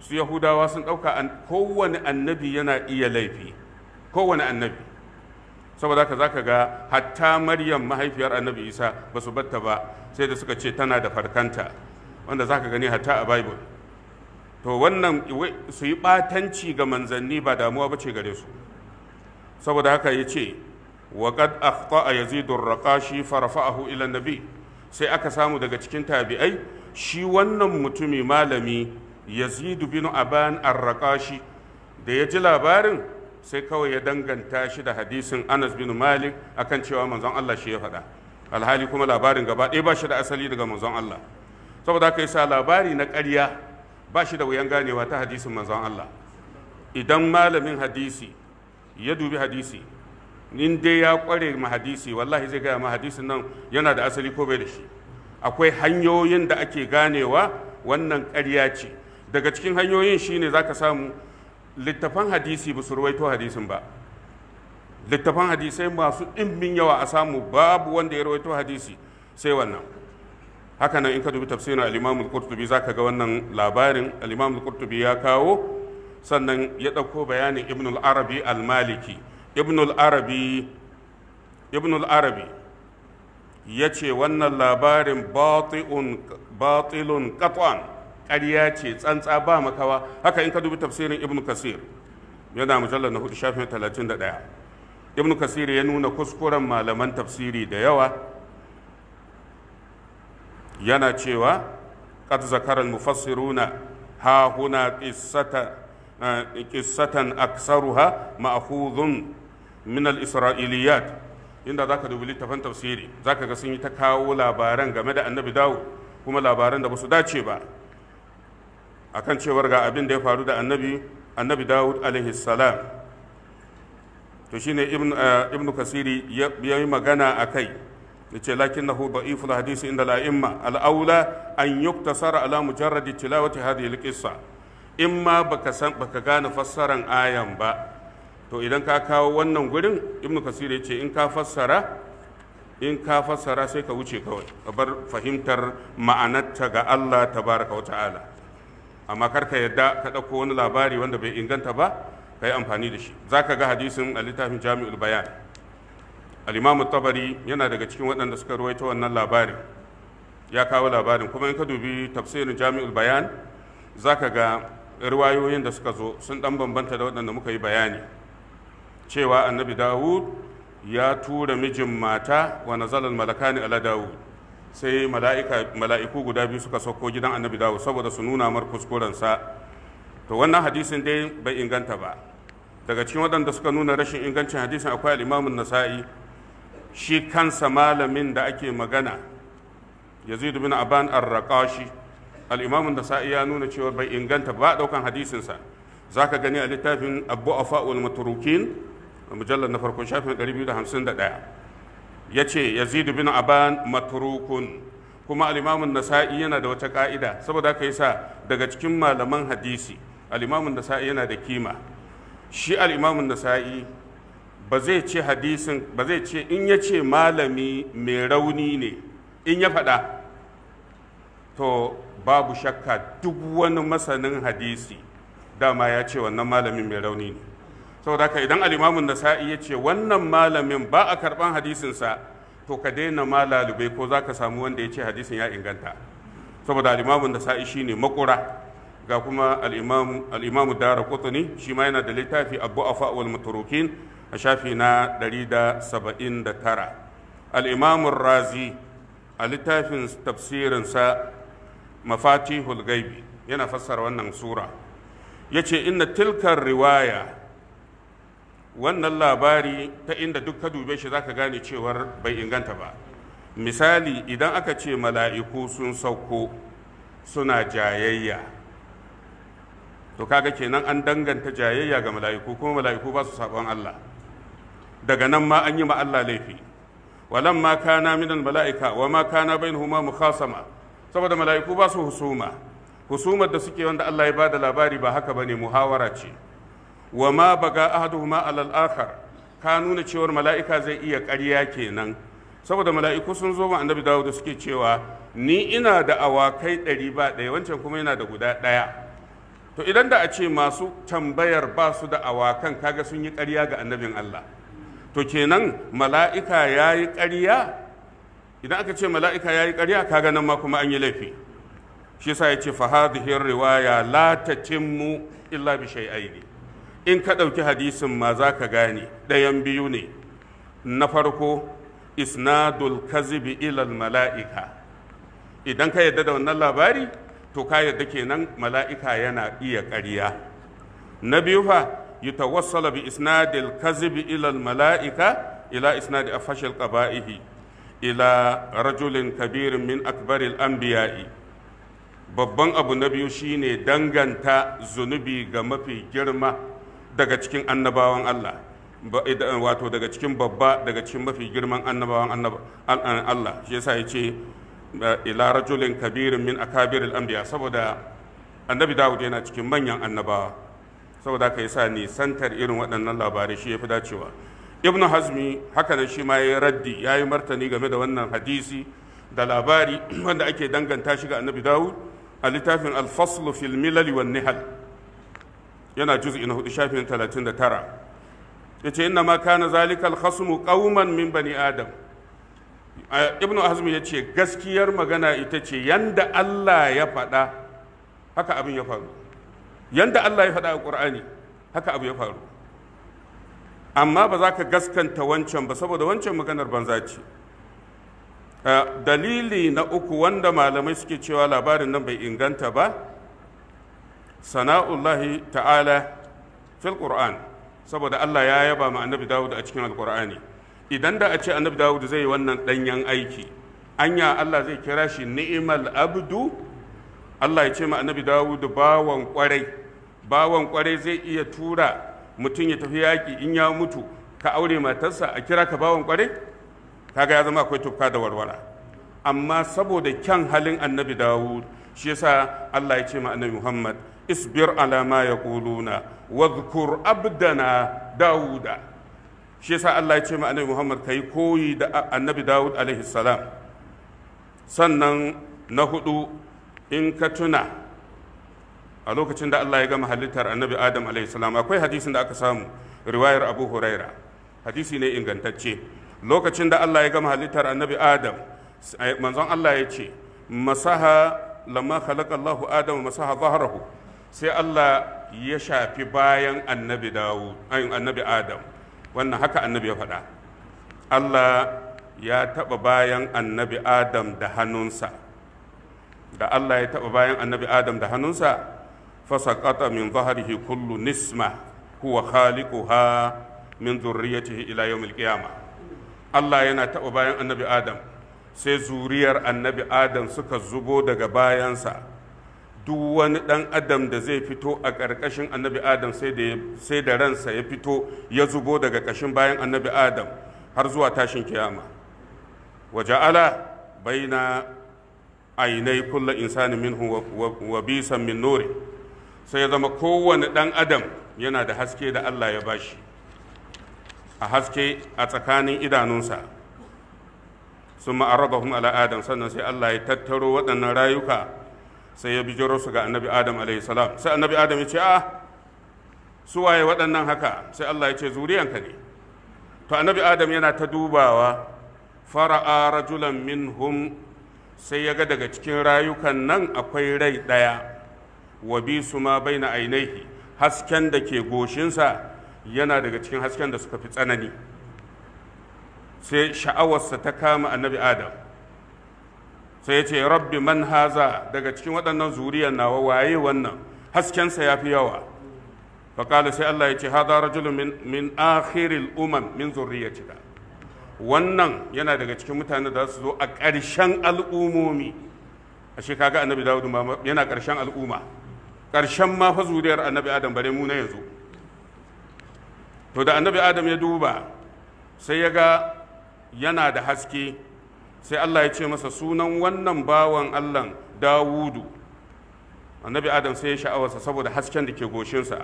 S2: su yahudawa sun dauka kowane annabi yana iya laifi kowane annabi saboda haka zaka ga hatta maryam mahaifiyar annabi isa ba su batta ba sai da suka ce tana da farkanta wanda zaka gani hatta a bible to wannan su yi batanci ga manzanni ba damuwa ba ce gare su saboda haka ya ce wa qad akhta yazid ar-raqashi farafa'ahu ila nabi sai aka samu daga cikin tabi'ai shi wannan mutumi malami yazidu bin aban ar da ya ji labarin sai kawai ya danganta shi da hadisin Anas bin Malik akan cewa manzon Allah shi ya faɗa alhali kuma labarin gaba ɗaya ba shi da asali daga manzon Allah saboda haka yasa labari na ƙarya ba shi da wuyan ganewa ta hadisin manzon Allah idan malamin hadisi ya dubi hadisi in dai ya kware ma hadisi wallahi zai gaya ma hadisin nan yana da asali ko bai da shi akwai hanyoyin da ake ganewa wannan ƙarya ce daga cikin hanyoyin shine zaka samu littafan hadisi ba su ruwaito hadisin ba littafan hadisai masu ɗimbin yawa a samu babu wanda ya ruwaito hadisi sai wannan haka nan in ka dubi tafsirin al-Imam al-Qurtubi zaka ga wannan labarin al-Imam qurtubi ya kawo sannan ya ɗauko bayanin ibn arabi al-maliki ibn arabi ya ce wannan labarin batilun katon ƙarya ce tsantsa ba makawa haka in ka dubi tafsirin ibn kasir yana mujallar na hudu shafin 31 ibn kasir ya nuna kuskuren malaman tafsiri da yawa yana cewa قد ذكر المفسرون ها هنا قصة qissatan aksaruha ma'khudhun min al-isra'iliyat inda zaka dubi littafin tafsiri zaka ga sun yi ta kawo labaran game da annabi dawo kuma labaran da basu dace ba akan cewar ga abin da ya faru da annabi annabi dawud alaihi salam to shine ibn ibn kasiri ya yi magana akai yace lakinnahu da'iful hadisi inda la'imma al-aula an yuktasara ala mujarradi tilawati hadhihi al-qissa in ma baka san gane fassaran ayan ba to idan ka kawo wannan gurin ibnu kasir ya ce in ka fassara in ka fassara sai ka wuce kawai ka bar fahimtar ma'anarta ga Allah tabaraka wa ta'ala amma kar ka yadda ka ɗauko wani labari wanda bai inganta ba ka yi amfani da shi za ka ga hadisin a littafin jami'ul bayan al tabari yana daga cikin waɗanda suka ruwaito wannan labarin ya kawo labarin kuma in ka dubi tafsirin jami'ul bayan za ka ga wayoyin da suka zo sun dan bambanta da waɗanda muka yi bayani cewa annabi dawud ya tura mijin mata wa nazalar malakani ala dawud sai mala'iku guda biyu suka sauko gidan annabi dawud saboda su nuna mar kuskurensa to wannan hadisin dai bai inganta ba daga cikin waɗanda suka nuna rashin ingancin hadisin akwai al'imamun nasa'i shi kansa malamin da ake magana yazid bin aban ar-raqashi al'imamun da sa'i ya nuna cewa bai inganta ba ɗaukan hadisinsa za ka gani a littafin abu a fa'ul maturukin mujallar na farko shafin 251 ya ce yazidu bin aban maturukun kuma al'imamun da sa'i yana da wata ka'ida saboda ka yi sa daga cikin malaman hadisi al'imamun da sa'i yana da kima shi al'imamun da sa'i ba zai ce hadisin ba zai ce in ya ce malami mai rauni ne in ya faɗa to babu shakka duk wani masanin hadisi dama ya ce wannan malamin mai rauni ne saboda haka idan da sa'i ya ce wannan malamin ba a karban hadisinsa to ka daina ma lalubai ko za ka samu wanda ya ce hadisin ya inganta saboda sa'i shi ne makura ga kuma al'imamu dara kutuni shi ma yana da littafi abu a fa'awal maturukin a shafi na 179 al'imamun razi a littafin tafsirinsa mafatihul gaibi yana fassara wannan sura ya ce inna tilkar riwaya wannan labari ta inda duk ka dube shi zaka gane cewar bai inganta ba misali idan aka ce mala'iku sun sauko suna jayayya to kaga kenan an danganta jayayya ga mala'iku kuma mala'iku ba su sabon Allah daga nan ma an yi ma Allah laifi walamma kana minal mala'ika wa ma kana bainahuma mukhasama saboda mala'iku ba su husuma husumar da suke wanda Allah ya ba da labari ba haka bane muhawara ce wa ma baga ahaduhuma alal akhar ka nuna cewar mala'ika zai iya ƙarya kenan saboda mala'iku sun zo ma annabi da suke cewa ni ina da awakai ɗari ba ɗaya wancan kuma yana da guda ɗaya to idan da a ce masu tambayar ba su da awakan kaga sun yi ƙarya ga annabin Allah to kenan mala'ika ya yi ƙarya idan aka ce mala'ika ya yi ƙarya kaga nan ma kuma an yi laifi shi sa ya ce fahadihin riwaya la ta cimmu illa bi shay'aini in ka ɗauki hadisin ma za ka gane ɗayan biyu ne na farko isnadul kazibi ilal mala'ika idan ka yadda da wannan labari to ka yadda kenan mala'ika yana iya ƙarya na biyu fa yutawassala bi isnadil kazibi ilal mala'ika ila isnadi afashil qaba'ihi ila rajulin kabirin min akbaril anbiya'i babban abu na biyu shine danganta zunubi ga mafi girma daga cikin annabawan Allah wato daga cikin babba daga cikin mafi girman annabawan Allah shi yasa ya ce ila rajulin kabirin min akabiril anbiya saboda annabi Dawud yana cikin manyan annabawa saboda ka yasa ni santar irin waɗannan labarai shi ya fi dacewa Ibnu hazmi haka nan shi ma ya raddi ya yi martani game da wannan hadisi da labari [CLEARS THROAT] wanda ake danganta shi ga annabi dawud a littafin alfaslu fil milali nihal yana juz'i na hudu shafin 39 yace inna ma kana zalikal khasmu qauman min bani adam ibnu azmi ya ce gaskiyar magana ita ce yanda Allah ya faɗa haka abin ya faru yanda Allah ya faɗa a ƙur'ani haka abu ya faru amma ba za ka gaskanta wancan ba saboda wancan maganar banza ce dalili na uku wanda malamai suke cewa labarin nan bai inganta ba sana'ullahi ta'ala fil qur'an saboda Allah ya yaba ma annabi Dawud a cikin alqur'ani idan da a ce annabi Dawud zai wannan danyen aiki anya Allah zai kira shi ni'mal abdu Allah ya ce ma annabi Dawud bawan kwarai bawan kwarai zai iya tura mutum ya tafi yaƙi in ya mutu ka aure matarsa a kira ka bawan ƙwarai kaga ya zama akwai tufka da warwara amma saboda kyan halin annabi dawud shi yasa Allah ya ce ma annabi Muhammad isbir alama ya ƙuluna wadhkur abdana dauda shi yasa Allah ya ce ma annabi Muhammad yi koyi da annabi Dawud alaihi salam sannan na hudu in ka tuna a lokacin da Allah ya gama halittar annabi Adam salam akwai hadisin da aka samu riwayar Abu Huraira hadisi ne ingantacce lokacin da Allah ya gama halittar annabi Adam manzon Allah ya ce masaha lamma khalaqa Allahu Adam masaha zahrahu sai Allah ya shafi bayan annabi Dawud ayin annabi Adam wannan haka annabi ya faɗa Allah ya taɓa bayan annabi Adam da hannunsa da Allah ya taɓa bayan annabi Adam da hannunsa fasaqata min zahar kullu nisma huwa khaliquha min zurriyatihi ila yawmil qiyamah Allah yana taɓa bayan annabi Adam sai zuriyar annabi Adam suka zubo daga bayansa duk wani ɗan adam da zai fito a ƙarƙashin annabi Adam sai da ransa ya fito ya zubo daga ƙashin bayan annabi Adam har zuwa tashin kiyama Waje ala baina ainai kulla insani minhu wa bisan min nuri sai ya zama kowane ɗan adam yana da haske da allah ya bashi a haske a tsakanin idanunsa sun ma'arrabahum ala adam sannan sai allah ya tattaro waɗannan rayuka sai ya bijiro su ga annabi adam alaihi salam sai annabi adam ya ce a ah, su waye waɗannan haka sai allah ya ce zuriyanka ne to annabi adam yana ta dubawa fara'a rajulan minhum sai ya ga daga cikin rayukan nan akwai rai ɗaya wa bi su ma baina ainihi hasken da ke goshinsa yana daga cikin hasken da suka fi tsanani sai sha'awarsa ta kama annabi adam sai ya ce rabbi man haza daga cikin waɗannan zuriyar nawa waye wannan haskensa ya fi yawa faƙala sai allah ya ce haza rajulun min akhiril umam min zurriyatika wannan yana daga cikin mutane da su zo a ƙarshen al'umomi a shekaga annabi dawudu yana ƙarshen al'umma ƙarshen ma fa zuriyar annabi adam bare mu na yanzu to da annabi adam ya duba sai ya ga yana da haske sai allah ya ce masa sunan wannan bawan allah dawudu annabi adam sai ya sha'awarsa saboda hasken da ke goshinsa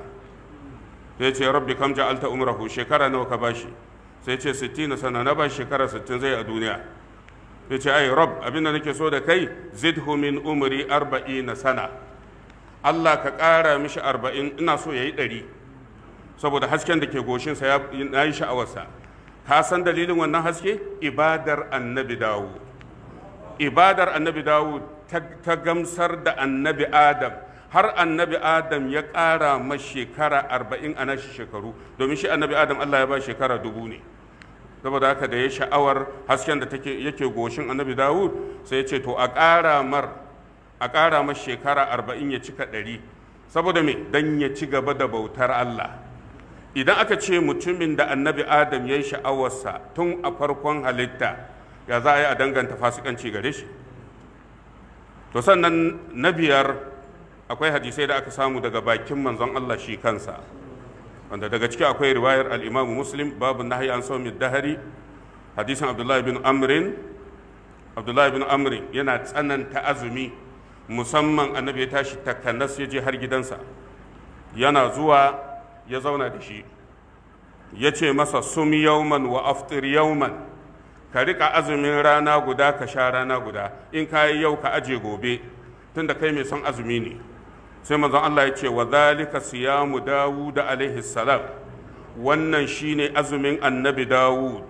S2: sai ce rabbi kam ja'alta umrahu shekara nawa ka bashi sai ce 60 sana na ba shekara 60 zai a duniya sai ce ai rab abinda nake so da kai zidhu min umri na sana Allah ka ƙara mishi arba'in ina so ya yi ɗari saboda hasken da ke goshinsa ya yi sha'awarsa ka san dalilin wannan haske ibadar annabi dawo ibadar annabi dawo ta gamsar da annabi adam har annabi adam ya ƙara ma shekara arba'in a nashi shekaru domin shi annabi adam allah ya ba shekara dubu ne saboda haka da ya sha'awar hasken da yake goshin annabi dawud sai ya ce to a ƙara mar a ƙara masa shekara arba'in ya cika ɗari saboda me dan ya ci gaba da bautar Allah idan aka ce mutumin da annabi adam ya yi sha'awarsa tun a farkon halitta ya za a yi a danganta fasikanci gare shi to sannan na biyar akwai hadisai da aka samu daga bakin manzon Allah shi kansa wanda daga ciki akwai riwayar al-imamu muslim babu na an sawmi dahari hadisin abdullahi bin amrin abdullahi bin amrin yana tsananta azumi musamman annabi ya tashi takanas ya je har gidansa yana zuwa ya zauna da shi ya ce masa sum yauman wa aftir yauman ka riƙa azumin rana guda ka sha rana guda in ka yi yau ka aje gobe tunda kai mai son azumi ne sai mazan Allah ya ce wa zalika siyamu dawud alaihi salam wannan shine azumin annabi dawud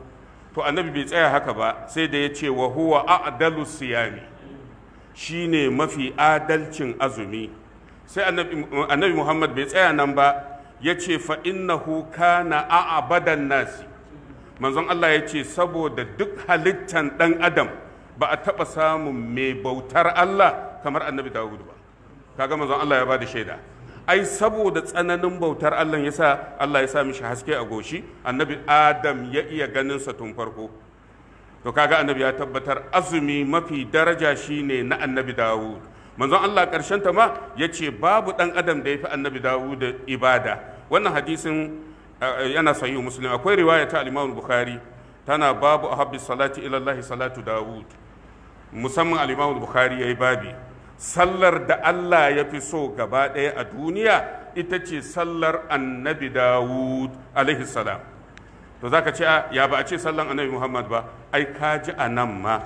S2: to annabi bai tsaya haka ba sai da ya ce wa huwa a'dalu siyami Shi ne mafi adalcin azumi sai annabi muhammad bai tsaya nan ba ya ce fa'innahu kana abadan nasi manzon allah ya ce saboda duk halittan ɗan adam ba a taɓa samun mai bautar allah kamar annabi dawud ba kaga manzon allah ya ba da shaida ai saboda tsananin bautar allah ya sa allah ya sa mishi haske a goshi annabi adam ya iya ganin sa tun farko to kaga annabi ya tabbatar azumi mafi daraja shine na annabi dawud manzon Allah karshen ta ma ce babu dan adam da ya fi annabi dawud ibada wannan hadisin eh, eh, yana sahih muslim akwai riwaya ta al bukhari tana babu ahabbi salati ila salatu dawud musamman al-imam bukhari yayi babi sallar da Allah ya fi so gaba ɗaya a duniya ita ce sallar annabi dawud alaihi salam to ka ce ya ba a ce sallan annabi muhammad ba ai ka ji a nan ma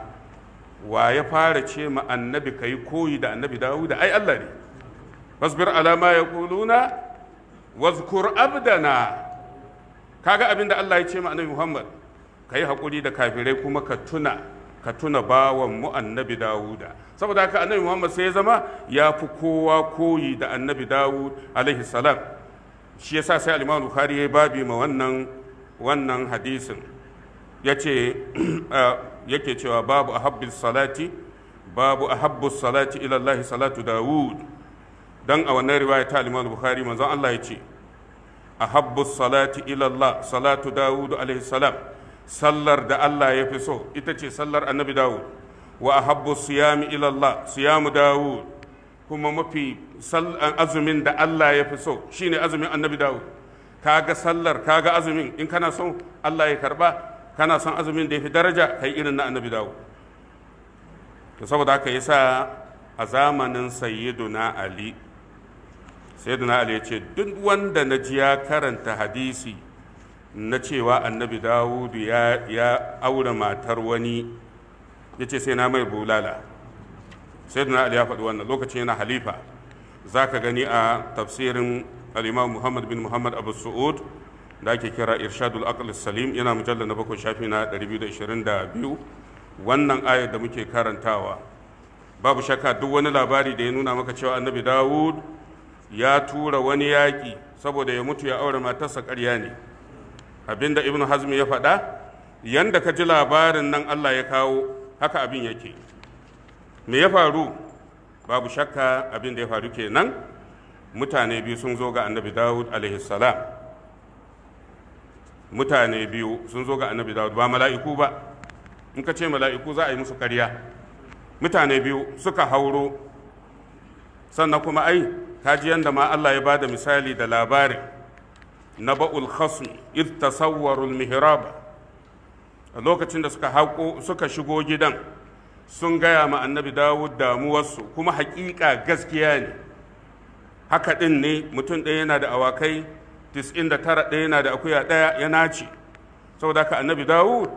S2: wa ya fara ce ma annabi ka yi koyi da annabi dawuda ai allah ne wasbir alama ya kuluna wazkur abdana kaga abin da allah ya ce ma annabi muhammad ka yi haƙuri da kafirai kuma ka tuna ka tuna bawan mu annabi dawuda saboda haka annabi muhammad sai ya zama ya fi kowa koyi da annabi dawud alaihi salam shi yasa sai al-imam bukhari ya babi ma wannan wannan hadisin ya yace [CLEARS THROAT] yake cewa babu ahabbis salati babu a ahabbus salati ilallahi salatu Dawud dan a wannan riwaya ta Imam Bukhari manzon Allah ya ce a ahabbus salati ila salatu Dawud alaihi salam sallar da Allah ya fi so ita ce sallar Annabi Dawud wa a ahabbus siyami ila Allah siyamu Dawud kuma mafi azumin da Allah ya fi so shine azumin Annabi Dawud ka ga sallar kaga azumin in kana son Allah ya karba kana son azumin da ya fi daraja kai irin na annabi dawo to saboda haka yasa a zamanin sayyiduna ali sayyiduna ali ya ce duk wanda na ji ya karanta hadisi na cewa annabi dawudu ya, ya aure matar wani ya ce sai na mai bulala sayyiduna ali ya faɗi wannan lokacin yana halifa za ka gani a tafsirin al muhammad bin muhammad abu su'ud da ake kira irshadul aql salim yana mujallar na bakwai shafi na 222 wannan ayar da muke karantawa babu shakka duk wani labari da ya nuna maka cewa annabi dawud ya tura wani yaƙi saboda ya mutu ya aure matarsa ƙarya ne abinda Ibn hazmi ya faɗa yadda ka ji labarin nan allah ya kawo haka abin yake me ya faru babu shakka abin da ya faru kenan mutane biyu sun zo ga annabi dawud salam mutane biyu sun zo ga annabi dawud ba mala'iku ba in ka ce mala'iku za a yi musu karya mutane biyu suka hauro sannan kuma ai ta ji yadda ma allah ya ba da misali da labarin na ba'ul khasmi id tasawwarul mihrab a lokacin da suka haƙo suka shigo gidan sun gaya ma annabi dawud damuwarsu kuma haƙiƙa gaskiya ne haka ɗin ne mutum ɗaya yana da awakai tara ɗaya yana da akuya ɗaya ya nace saboda haka annabi dawud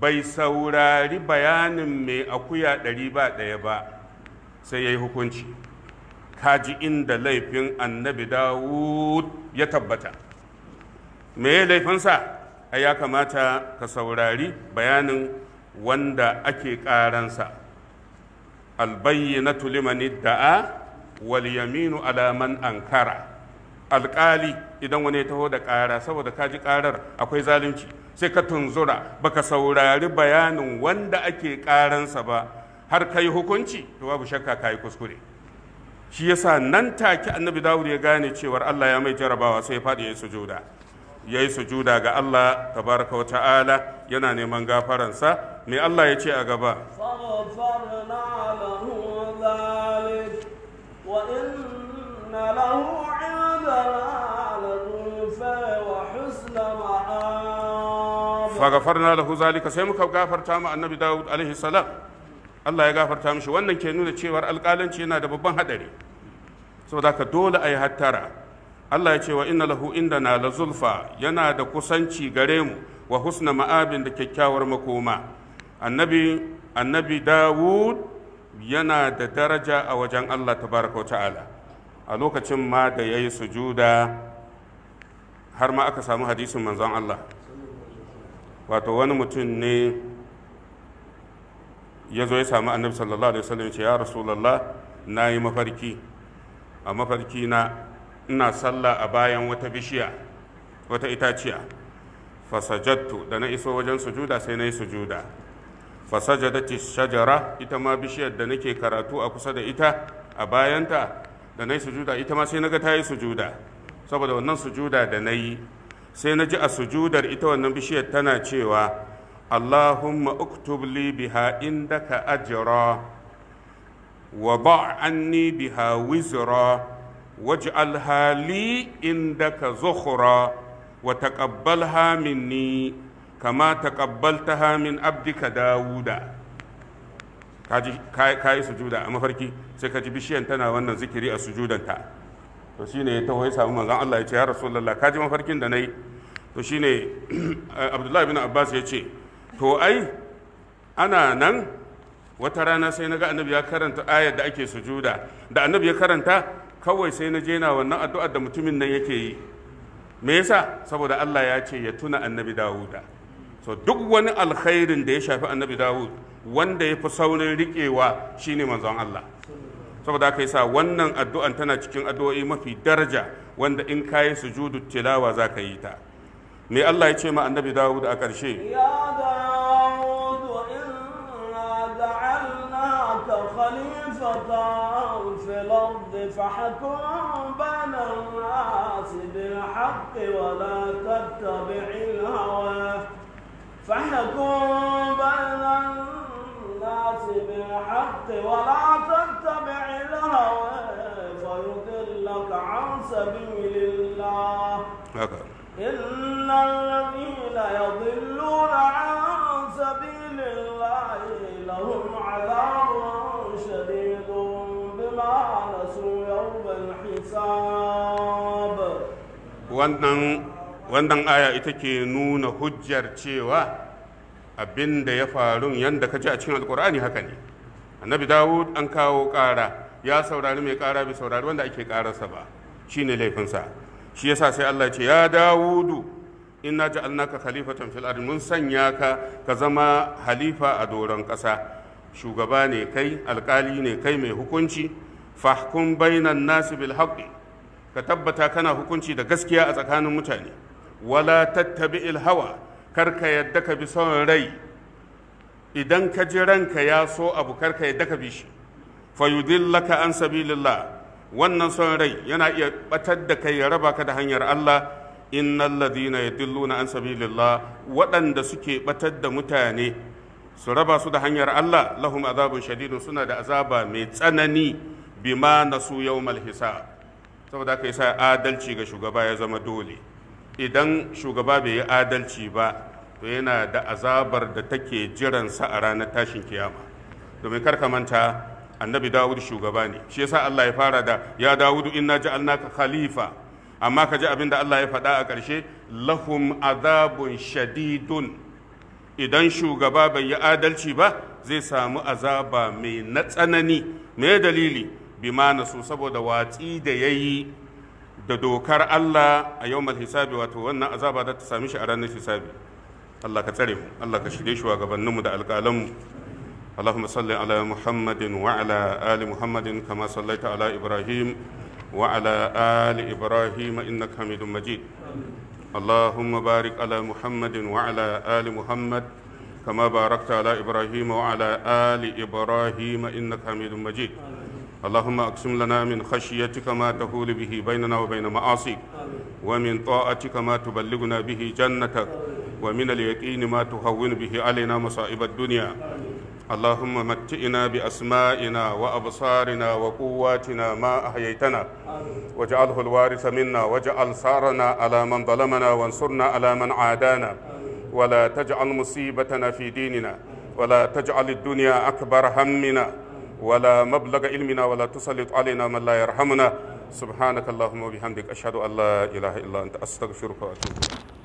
S2: bai saurari bayanin mai akuya ɗari ba ɗaya ba sai ya yi hukunci kaji inda laifin annabi dawud ya tabbata me laifinsa a ya kamata ka saurari bayanin wanda ake ƙaransa albayyana tulimani da'a wal alaman ankara alƙali idan wani ya taho da ƙara saboda ka ji ƙarar akwai zalunci sai ka tunzura baka saurari bayanin wanda ake ƙaransa ba har ka yi hukunci to babu shakka ka yi kuskure shi yasa nan take annabi dawud ya gane cewar allah ya mai jarabawa sai ya faɗi ya yi sujuda ya yi sujuda ga allah tabaraka wa ta'ala yana neman gafaransa me allah ya ce a gaba
S1: وإن له عندنا لزلفى وحسن مآب فغفرنا
S2: له ذلك سيمك غفر تام النبي داود عليه السلام Allah ya gafarta mashi wannan ke nuna cewar alkalanci yana da babban haɗari saboda ka dole a yi hattara Allah ya ce wa inna lahu indana la zulfa yana da kusanci gare mu wa husna ma'abin da kyakkyawar makoma annabi annabi Dawud yana da daraja a wajen Allah wa ta'ala a lokacin ma da ya yi sujuda har ma aka samu hadisin manzon Allah wato wani mutum ne ya zo ya samu annabi sallallahu alaihi wasallam ce ya rasulallah na yi mafarki a mafarki na ina sallah a bayan wata bishiya wata itaciya fasajattu da na iso wajen sujuda sai na yi sujuda fasajadati shajara ita ma bishiyar da nake karatu a kusa da ita a bayanta da na yi sujuda ita ma sai na ga ta yi sujuda saboda wannan sujuda da na yi sai na ji a sujudar ita wannan bishiyar tana cewa allahumma uktub li biha indaka ajra wa ba' anni biha wizra waj'alha li indaka zukhra wa taqabbalha minni kama taqabbaltaha min abdika dawuda ka yi sujuda a mafarki sai ka ji bishiyan tana wannan zikiri a sujudanta to shine ya taho ya samu manzon Allah ya ce ya rasulullah ka ji mafarkin da nayi to shine [CLEARS THROAT] abdullahi bin abbas ya ce to ai ana nan wata rana sai na ga annabi ya karanta ayar da ake sujuda da annabi ya karanta kawai sai na je na wannan addu'ar da mutumin nan yake yi me yasa saboda Allah ya ce ya tuna annabi Dawuda to duk wani alkhairin da ya shafi annabi dawud wanda ya fi saurin riƙewa shine manzon Allah saboda haka yasa wannan addu'an tana cikin addu'o'i mafi daraja wanda in kai sujudu tilawa zaka yi ta me Allah ya ce ma annabi
S1: dawud a ƙarshe ya dawud inna ja'alnaka khalifatan fil ardi فاحكم بين الناس بالحق ولا تتبع الهوى فيضلك عن سبيل الله إن الذين يضلون عن سبيل الله لهم عذاب شديد بما نسوا يوم الحساب
S2: wannan wannan aya ita ke nuna hujjar cewa abin da ya faru yadda ka ji a cikin alkur'ani haka ne annabi dawud an kawo ƙara ya saurari mai ƙara bai saurari wanda ake ƙararsa ba shi ne laifinsa shi yasa sai allah ce ya dawudu inna ja'alnaka khalifatan fil ardi mun sanya ka ka zama halifa a doron ƙasa shugaba ne kai alkali ne kai mai hukunci fahkum bainan nasi bil haqqi ka tabbata kana hukunci da gaskiya a tsakanin mutane wala ilhawa, hawa karka yadda ka bi son rai idan ka ji ranka ya so abu karka yadda ka bi shi fayudillaka an sabilillah wannan son rai yana iya batar da kai ya raba ka da hanyar Allah innal ladina yadilluna an sabilillah waɗanda suke batar da mutane su raba su da hanyar Allah lahum azabun shadidun suna da azaba mai tsanani bima nasu yawmal hisab saboda aka yasa adalci ga shugaba ya zama dole idan shugaba bai yi adalci ba to yana da azabar da take jiransa a ranar tashin kiyama domin ka manta annabi dawud shugaba ne shi yasa Allah ya fara da ya dawud inna ja'alnaka khalifa amma ka ji abin da Allah ya faɗa a ƙarshe lahum azabun shadidun idan shugaba bai yi adalci ba zai samu azaba mai na tsanani me dalili bima nasu saboda watsi da yayi da dokar Allah a yau mal hisabi wato wannan azaba da ta sami shi a ranar hisabi Allah ka tsare mu da alƙalanmu Allahumma salli ala Muhammadin wa ali Muhammadin kama sallaita ala Ibrahim wa ali Ibrahim innaka Hamidum Majid Allahumma barik ala Muhammadin wa ali Muhammad kama barakta ala Ibrahim wa ala ali Ibrahim innaka Hamidum Majid Amen. اللهم اقسم لنا من خشيتك ما تهول به بيننا وبين معاصيك ومن طاعتك ما تبلغنا به جنتك ومن اليقين ما تهون به علينا مصائب الدنيا اللهم متئنا بأسمائنا وأبصارنا وقواتنا ما أحييتنا واجعله الوارث منا واجعل ثارنا على من ظلمنا وانصرنا على من عادانا ولا تجعل مصيبتنا في ديننا ولا تجعل الدنيا أكبر همنا ولا مبلغ علمنا ولا تسلط علينا من لا يرحمنا سبحانك اللهم وبحمدك أشهد أن لا إله إلا أنت أستغفرك وأتوب إليك